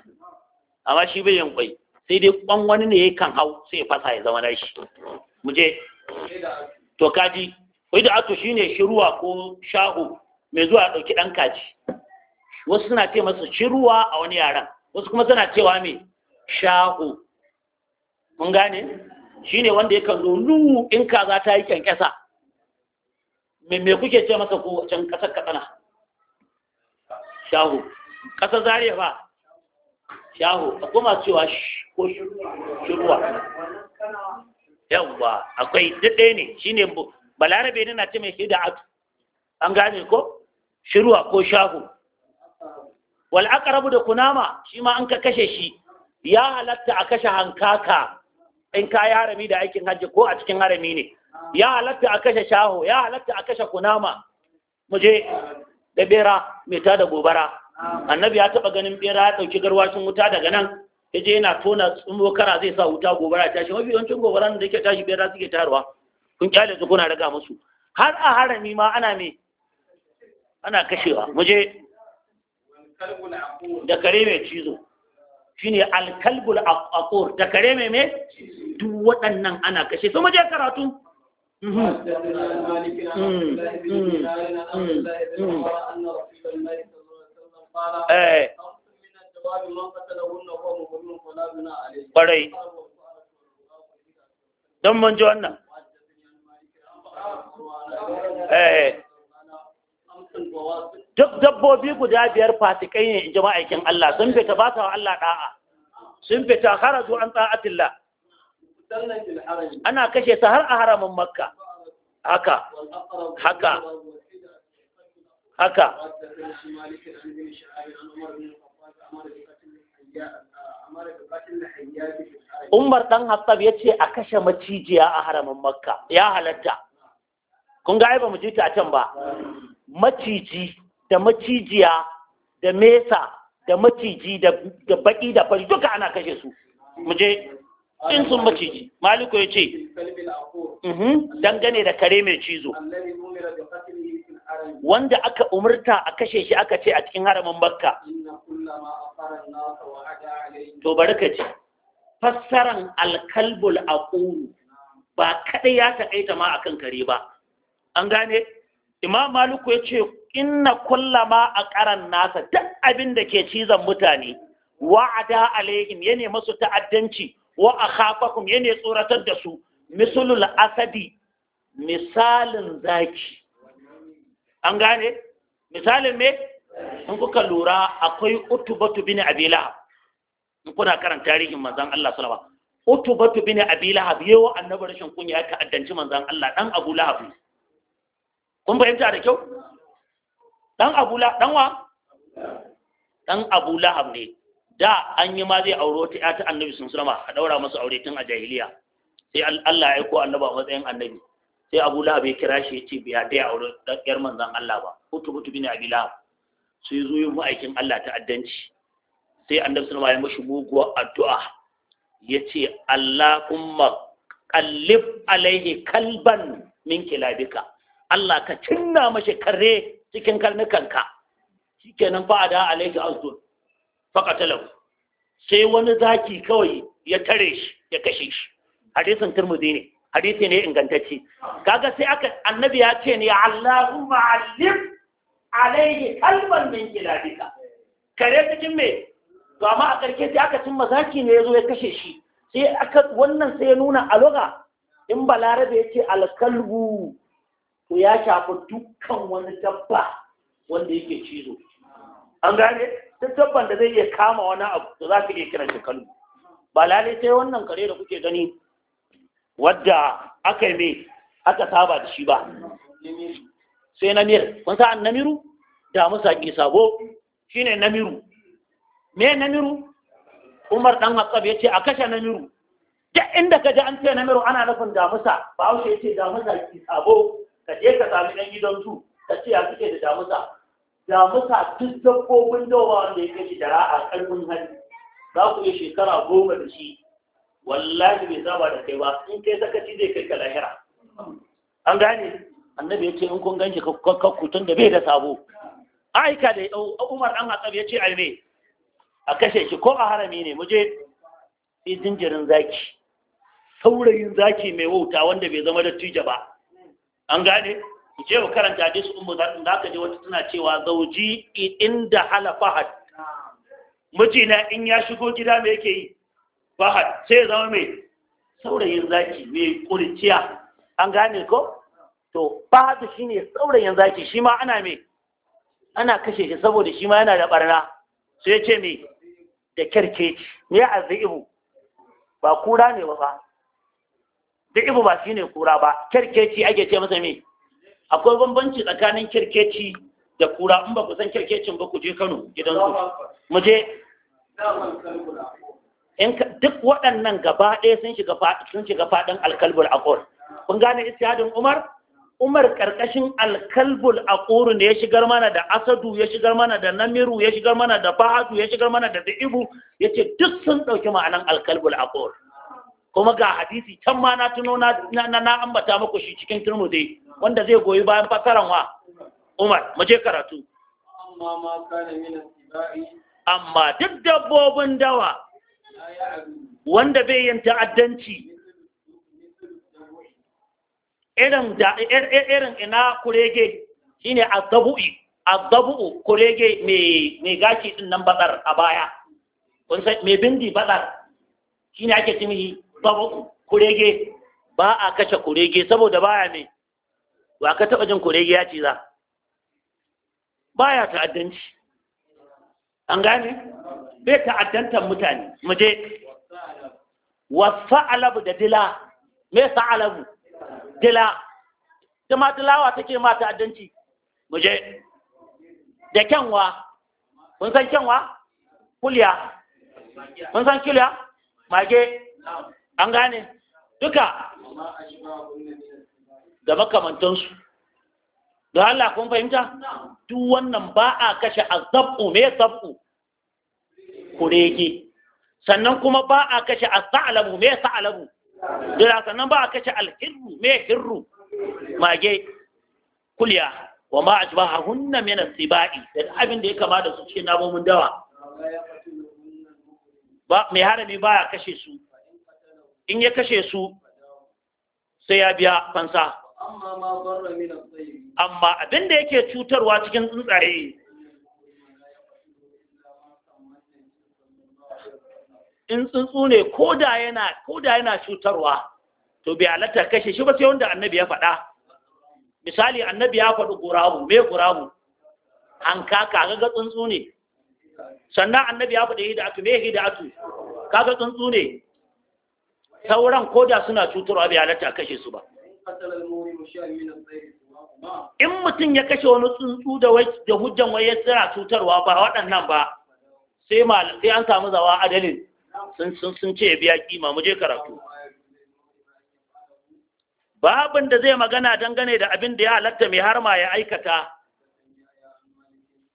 amma shi bai yin kwai sai dai kwan wani ne ya kan hau sai ya fasa ya zama nashi mu je to kaji wai da ato shine shiruwa ko shaho mai zuwa ɗauki ɗan kaji wasu suna ce masa shiruwa a wani yaran wasu kuma suna cewa mai shahu mun gane shi ne wanda yakan zo lu in kaza ta yi kyankyasa me kuke ce masa ko can ƙasar katsina shahu ƙasar zariya ba shahu akwai masu cewa ko shiruwa yawwa akwai daɗe ne shi ne balarabe ne na ce mai shi da atu an gane ko shirwa ko shahu wal da kunama shi ma an ka kashe shi ya halatta a kashe hankaka in ka harami da aikin hajji ko a cikin harami ne ya halatta a kashe shaho ya halatta a kashe kunama mu je da bera mai tada gobara annabi ya taba ganin bera ya dauki garwashin wuta daga nan ya je yana tona tsumbo zai sa wuta gobara ta shi mafi yawancin gobaran da yake tashi bera suke tarwa kun kyale su kuna raga musu har a harami ma ana mai. ana kashewa muje da kare mai cizo ne alkalbul aqur da kare mai mai duk waɗannan ana kashe su muje karatu ƙwarai mhm. mhm. mhm. eh. don manjo wannan eh, eh. duk dabbobi guda biyar fasikai ne in ji ma'aikin Allah sun fita ba ta Allah ɗa'a. sun fita haraju an tsa'atillah ana kashe ta har a haramin makka haka haka haka Umar ɗan Hattab ya ce a kashe macijiya a haramin Makka ya halatta. Kun ga aiba ba mu jita a can ba. maciji da macijiya da mesa da maciji da baki da fari duka ana kashe su Muje in sun maciji maliko ya ce dangane da kare mai cizo wanda aka umarta a kashe shi aka ce a cikin haramin bakka to bari ka ce fassaran alkalbul aqulu ba kadai ya taƙaita ma akan kare ba an gane imam Malik ya ce inna kullama a ƙaran nasa duk abin da ke cizon mutane wa'ada alaihim ya ne masu ta'addanci wa akhafakum ya ne tsoratar da su misalul asadi misalin zaki an gane misalin me in kuka lura akwai utubatu bin abila in kuna karan tarihin manzon Allah sallallahu alaihi wasallam utubatu bin abila yawa annabi rashin kunya ya ta'addanci manzon Allah dan Abu Lahab kun fahimta da kyau dan abu dan wa dan abu lahab ne da an yi ma zai auro ta ta annabi sun sulama a daura masa aure tun a jahiliya sai Allah ya ko annaba matsayin annabi sai abu lahab ya kira shi ya ce biya da ya aure dan yar Allah ba kutu kutu bin abi lahab sai zo yin ma'aikin Allah ta'addanci sai annabi sulama ya mashi muguwa addu'a ya ce Allahumma qallib alaihi kalban min kilabika Allah ka cinna mashi kare cikin karnukanka shikenan fa da alaihi azdun Talau sai wani zaki kawai ya tare shi ya kashe shi hadisin turmudi ne hadisi ne ingantacce kaga sai aka annabi ya ce ne ya Allahumma allim alaihi kalban min kiladika kare cikin me to amma a karke sai aka cin mazaki ne yazo ya kashe shi sai aka wannan sai ya nuna aloga in balarabe ya ce alkalbu ko ya shafi dukkan wani dabba wanda yake cizo an gane duk dabban da zai iya kama wani abu da za ka iya kiran shi kalu ba lalai sai wannan kare da kuke gani wadda aka yi mai aka saba da shi ba sai namir kun sa an namiru da musa ki sabo shine namiru me namiru umar dan hakkab ya ce a kashe namiru duk inda ka ji an ce namiru ana nufin damusa ba haushe ya ce damusa ki sabo ka je ka sami ɗan gidan su ka ce ya suke da damusa damusa duk dabbobin dawa wanda ya kai jara a ƙarfin hali za ku yi shekara goma da shi wallahi bai saba da kai ba in kai sakaci zai kai ka lahira an gane annabi ya ce in kun ganki ka kutun da bai da sabo aika da umar an hatsab ya ce a me a kashe shi ko a harami ne muje sai jinjirin zaki saurayin zaki mai wauta wanda bai zama da tija ba an gane ku je ku karanta hadisi ummu da da aka je wata tana cewa zauji inda hala fahad mijina in ya shigo gida me yake yi fahad sai zama mai saurayin zaki mai kurciya an gane ko to fahad shine saurayin zaki shi ma ana me ana kashe shi saboda shi ma yana da barna sai ya ce me da kyarkeci me azzibu ba kura ne ba fa Di'ibu ba shine kura ba, kirkeci ake ce masa me? Akwai bambanci tsakanin kirkeci da kura in ba ku san kirkecin ba ku je Kano gidansu. su. Mu je duk waɗannan gaba ɗaya sun shiga sun shiga faɗin alkalbul aqur. Kun gane istihadin Umar? Umar karkashin alkalbul aqur ne ya shigar mana da asadu ya shigar mana da namiru ya shigar mana da fahadu ya shigar mana da di'ibu yace duk sun dauki ma'anan alkalbul aqur. kuma ga hadisi can ma na tuno na ambata muku shi cikin turmude wanda zai goyi bayan fasaran wa umar mu je karatu amma duk dabbobin dawa wanda bai yin ta'addanci irin ina kurege shine azabu'i azabu'u kurege mai gashi din nan batsar a baya kun sai mai bindi batsar shine ake cimi babu kurege ba a kashe kurege saboda baya ne ba ka taɓa jin kurege ya ce za baya ta'addanci an gane bai ta'addantar mutane mu je alabu da dila me alabu dila Tuma dilawa take ma ta'addanci mu je da kyanwa kun san kyanwa kulya kun san kulya mage an gane duka da makamantansu don Allah kun fahimta duk wannan ba a kashe azab'u me zab'u kurege sannan kuma ba a kashe as me sa'lamu dira sannan ba a kashe alhirru me hirru mage kulya wa ma ajbahahunna min asiba'i sibai da abin da ya kama da su ce namomin dawa ba mai harami ba a kashe su in ya kashe su sai ya biya fansa amma abin da yake cutarwa cikin tsuntsare in tsuntsu ne ko da yana cutarwa to bi alatta kashe shi ba sai wanda annabi ya faɗa misali annabi ya faɗi gurabu me gurabu hanka kaga ga tsuntsu ne sannan annabi ya faɗi hida'atu me Ka kaga tsuntsu ne sauran koda suna cutarwa bai halatta a kashe su ba in mutum ya kashe wani tsuntsu da hujjan wai ya tsira cutarwa ba waɗannan ba sai an samu zawa adalin sun ce biya kima muje karatu babin da zai magana dangane da abin da ya halatta mai ma ya aikata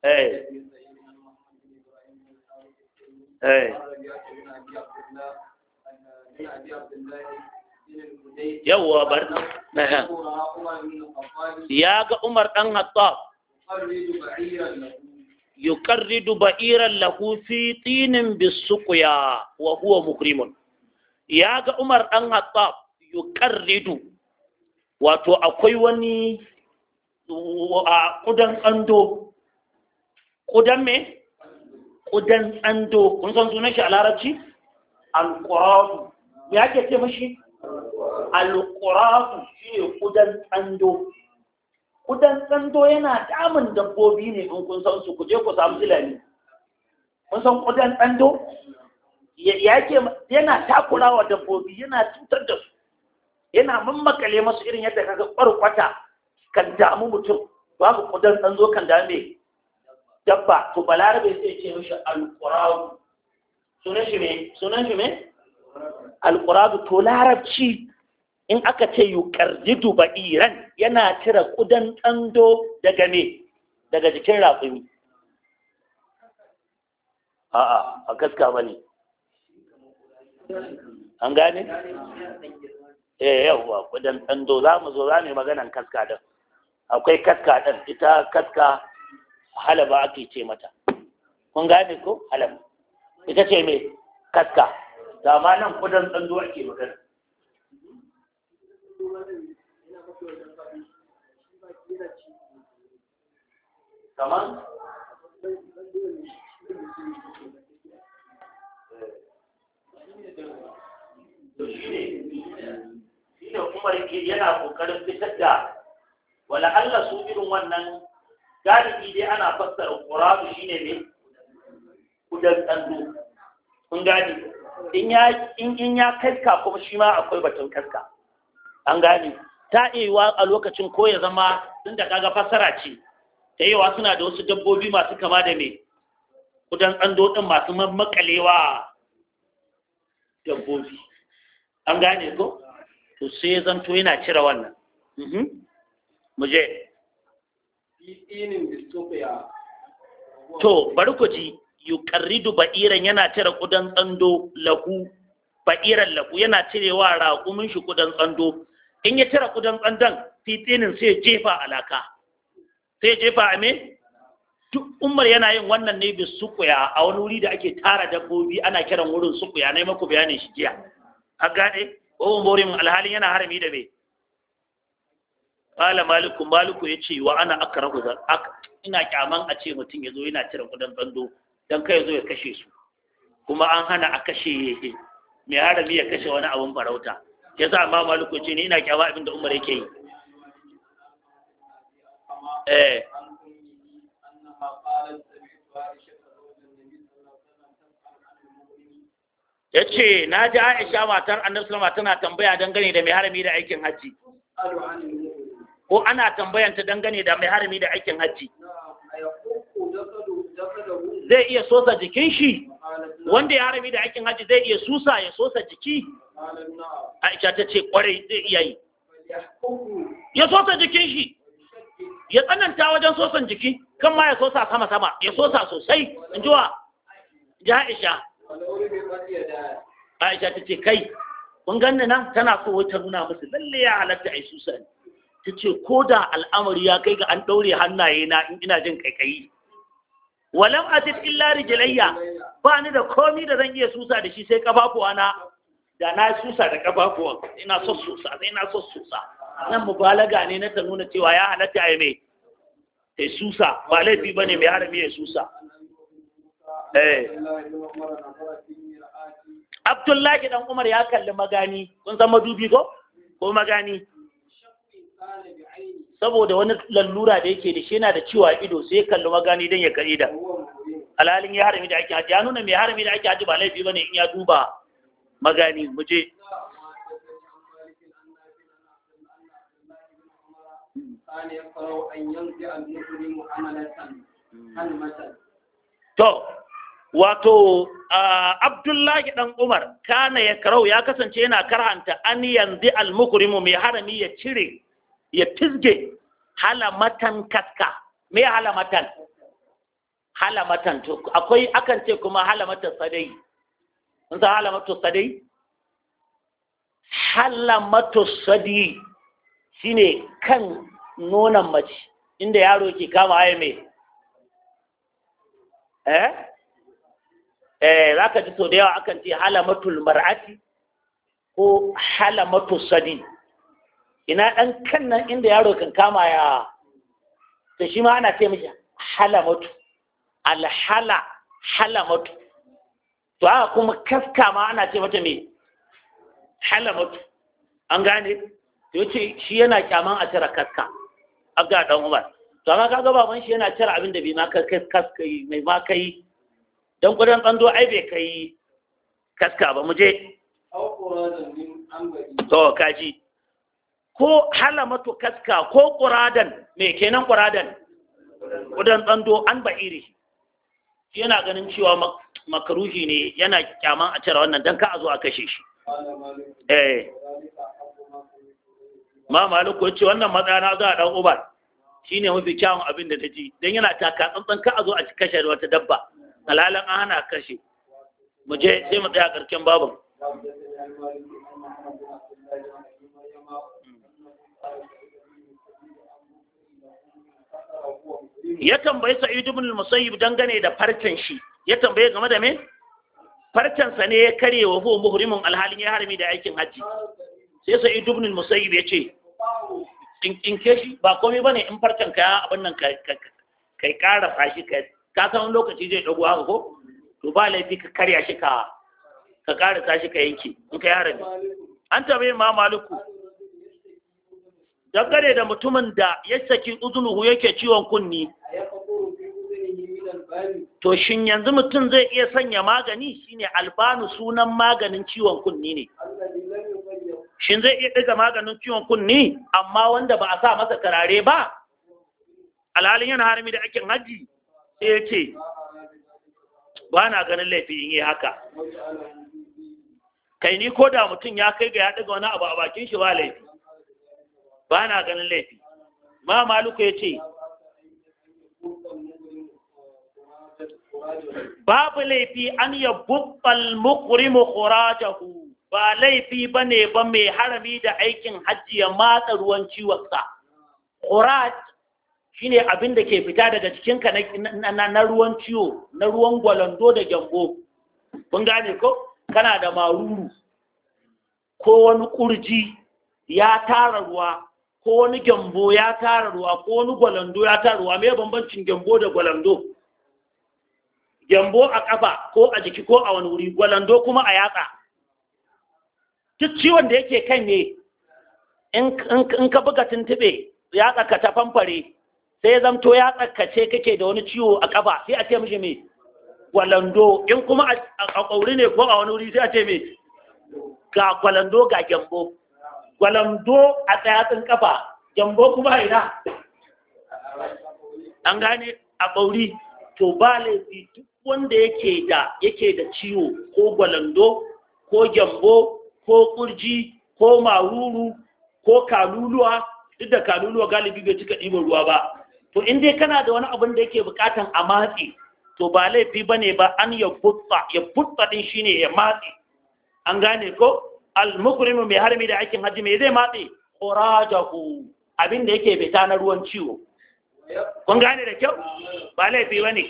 eh eh yawwa bar ya ga umar dan hattab yukarridu ba'iran lahu fi tinin bisuqya wa huwa mukrimun ya ga umar dan hattab yukarridu wato akwai wani a kudan ando kudan me kudan ando kun san sunan shi a larabci alquradu ya ke ce mashi alƙurafu shi ne kudan tsando kudan tsando yana damun dabbobi ne in kun san su ku je ku samu ilani kun san kudan tsando ya ke yana takurawa dabbobi yana cutar da su yana mammakale masu irin yadda kaga ƙwarƙwata kan damu mutum babu kudan tsando kan dame dabba to balarabe sai ce mashi alƙurafu sunan shi me sunan shi me alƙuradu to larabci in aka ce yuqarridu ba'iran yana cire kudan tsando daga me daga jikin raƙumi a'a a kaska bane an gane eh yawwa kudan tsando za mu zo za mu yi maganan kaska din akwai kaska din ita kaska halaba ake ce mata kun gane ko halaba ita ce me kaska da ma nan kudan tsando ke magana kamar shi ne yana kokarin fitar da wala Allah su irin wannan galibi dai ana fassara qur'ani shine ne kudan tsando kun gane in ya kaska kuma shi ma akwai batun kaska an gane ta iya a lokacin ko ya zama tun da kaga fasara ce ta yawa suna da wasu dabbobi masu kama da mai, kudan tsando masu makalewa dabbobi an gane ko to sai zanto yana cire wannan mhm. mu je to bari ku ji yuqarridu ba'iran yana cire kudan tsando lahu ba'iran lahu yana cirewa raƙumin shi kudan tsando in ya cire kudan tsandon fitinin sai jefa alaka sai jefa ame? duk umar yana yin wannan ne bi sukuya a wani wuri da ake tara dabbobi ana kiran wurin sukuya na maku bayanin shi jiya a gane wawan borin alhalin yana harami da me Bala malikun maliku ya ce wa ana aka rahu ina kyaman a ce mutum ya zo yana cire kudan tsando don kai zo ya kashe su kuma an hana a kashe mai harami ya kashe wani abin farauta ya amma ma maliku ce ni ina kyawa abin da umar yake yi eh ya ce na ji aisha matar annabi sallama tana tambaya dangane da mai harami da aikin hajji ko ana tambayanta dangane da mai harami da aikin hajji zai iya sosa jikin shi wanda ya harami da aikin haji zai iya susa ya sosa jiki aisha ta ce kwarai zai iya yi ya sosa jikin shi ya tsananta wajen sosan jiki kan ma ya sosa sama sama ya sosa sosai in ji wa ji aisha aisha ta ce kai kun ganni nan tana so wata nuna musu lalle ya halatta a susa ta ce ko da al'amari ya kai ga an ɗaure hannaye na in ina jin kaikayi walam ajid illa rijlayya ba ni da komi da zan iya susa da shi sai kafafuwa na da na susa da kafafuwa ina son susa sai na son susa nan mubalaga ne na ta nuna cewa ya halatta ai me sai susa ba laifi bane mai harami ya susa eh Abdullahi dan Umar ya kalli magani kun san madubi ko ko magani saboda wani lallura da yake da shi yana da ciwa ido sai ya kalli magani don ya kare da alhalin ya harami da ake haji ya nuna mai harami da ake haji ba laifi bane in ya duba magani muje to wato abdullahi dan umar kana ya karau ya kasance yana karhanta an yanzu almukrimu mai harami ya cire ya fisge halamatan kaska me halamatan halamatan to akwai akan ce kuma halamatan sadai mun san halamatan sadai halamatan sadi shine kan nonon mace inda yaro ke kama haya mai eh eh zaka ji so da yawa akan ce halamatul mar'ati ko halamatu sadi ina ɗan kan nan inda yaro kan kama ya to shi ma ana ce mishi halamatu alhala halamatu to a kuma kaska ma ana ce mata me halamatu an gane to yace shi yana kyaman a cire kaska abda dan umar to amma kaga baban shi yana cire abin da bai ma kai kaska mai ma kai dan gudan do ai bai kai kaska ba mu je to kaji ko halamatu kaska ko ƙuradan me kenan ƙuradan ƙudan tsando an shi yana ganin cewa makaruhi ne yana kyaman a cire wannan don ka a zo a kashe shi eh ma maliku ce wannan matsayana za a ɗan ubar shi ne mafi kyawun abin da ta ji don yana taka tsantsan ka a zo a kashe wata dabba alalan an hana kashe mu je sai mu tsaya karken babu ya tambayi sa'id ibn al-musayyib dangane da farcen shi ya tambaye game da me Farcensa ne ya kare wa hu muhrimun alhalin ya harami da aikin hajji. sai sa'id ibn al-musayyib ya ce in in shi? ba komai ba ne, in farcen ka abin nan kai kai kara fashi ka ka san lokaci zai dago haka ko to ba laifi ka karya shi ka ka kara tashi ka yanke in kai harami an tambaye ma maliku dangane da mutumin da ya saki uzunuhu yake ciwon kunni to shin yanzu mutum zai iya sanya magani shine albanu sunan maganin ciwon kunni ne shin zai iya ɗiga maganin ciwon kunni amma wanda ba a sa masa karare ba alhalin yana harami da aikin haji sai ya ce ba na ganin laifin yi haka kai ni ko da mutum ya kai ga ya ɗiga wani abu a bakin shi ba laifi ba na ganin laifi ma maluku ya ce babu laifi an ya mu mukrimu khurajahu ba laifi ba ne ba mai harami da aikin hajji ya matsa ruwan ciwonsa shi shine abin da ke fita daga jikinka na ruwan ciwo na ruwan gwalando da gyambo kun gane ko kana da maruru ko wani ƙurji ya tara ruwa ko wani gyambo ya tara ruwa ko wani gwalando ya tara ruwa mai bambancin gyambo da gwalando gyambo a ƙafa ko a jiki ko a wani wuri gwalando kuma a yatsa duk ciwon da yake kan ne in ka buga tuntuɓe yatsa ka ta famfare sai zamto ya tsakace kake da wani ciwo a ƙafa sai a ce mishi me gwalando in kuma a ƙauri ne ko a wani wuri sai a ce me ga gwalando ga gyambo gwalamdo a tsayatsun kafa jambo kuma ina an gane a ɓauri to ba laifi duk wanda yake da yake da ciwo ko gwalando ko jambo ko kurji ko maruru ko kaluluwa duk da kaluluwa galibi bai cika ɗiban ruwa ba to in dai kana da wani abin da yake bukatan a matse to ba laifi ba ne ba an ya futsa ya futsa din shine ya matse an gane ko al mai harmi da aikin hajji mai zai matse khurajahu abin da yake beta na ruwan ciwo kun gane da kyau ba laifi bane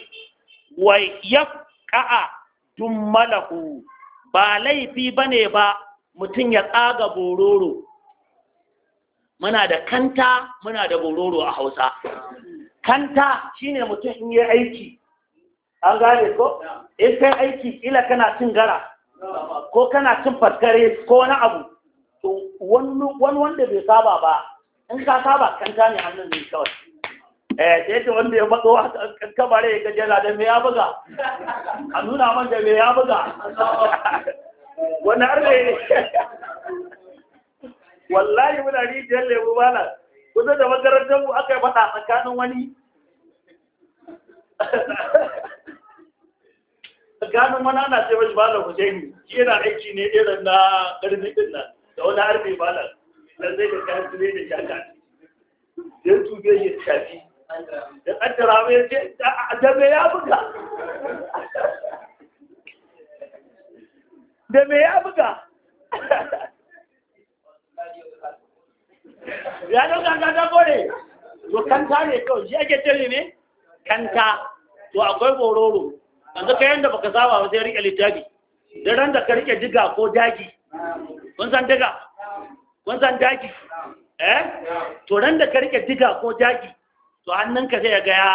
wa yaqa'a dummalahu ba laifi ne ba mutum ya tsaga bororo muna da kanta muna da bororo a Hausa kanta shine mutum in yi aiki an gane ko in kai aiki kila kana cin gara ko kana cin faskare ko wani abu to wani wanda bai saba ba in ka saba ta ne hannun ne kawai eh sai ta wanda ya matso kabare ya gajera da me ya buga a nuna man da me ya buga wani arne ne wallahi muna rijiyar lemu bana kusa da makarantar mu aka yi faɗa tsakanin wani tsakanin wani ana ce mashi malam Husaini shi yana aiki ne irin na ƙarfi din nan da wani harbe malam dan zai da ƙarfi ne da shaka dan tube ya shafi da kaddara mai ce a me ya buga da me ya buga ya dauka ganga ta kore to kanta ne kawai shi ake tare ne kanta to akwai bororo yanzu ka yanda baka saba ba sai rike littafi da ran da ka rike diga ko daki, kun san diga kun san daki? eh to ran da ka rike diga ko daki, to hannunka zai ga ya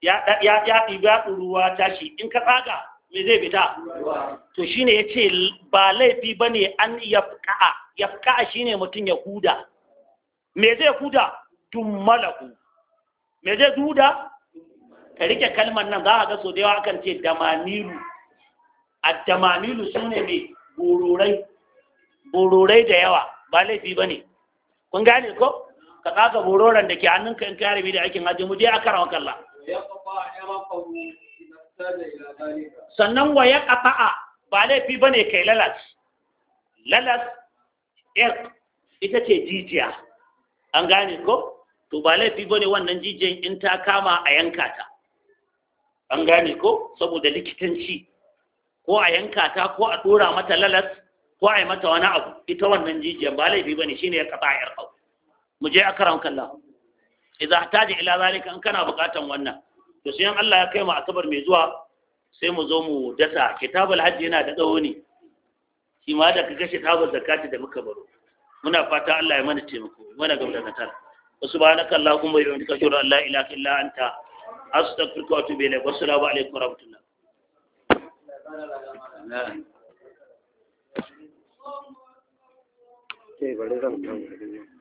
ya ya ya ɗiba ruwa tashi in ka tsaga me zai fita to shine yace ba laifi bane an yafka'a yafka'a shine mutum ya huda me zai huda dummalahu me zai huda ka rike kalmar nan za a ga so da yawa akan ce damanilu a damanilu su ne mai bororai da yawa ba laifi ba ne kun gane ko ka tsaga gururan da ke hannunka in kare bi da aikin hajji mu je a karawa kalla sannan wa ya ƙafa'a ba laifi ba ne kai lalas lalas ita ce jijiya an gane ko to ba laifi ba ne wannan jijiyan in ta kama a yanka ta an gane ko saboda likitanci ko a yanka ta ko a dora mata lalas ko a yi mata wani abu ita wannan jijiyar ba laifi ba ne shi ne ya kafa yar kau mu je aka karan lahu idan ta ji ila zalika an kana bukatan wannan to sai Allah ya kai mu asabar mai zuwa sai mu zo mu dasa kitabul hajji yana da tsawo ne shi ma da kaga kitabul zakati da muka baro muna fata Allah ya mana taimako mana gaba da natar subhanakallahumma wa bihamdika ashhadu an la ilaha illa anta astaghfiruka wa atubu ilayk wassalamu alaikum wa rahmatullah Okay,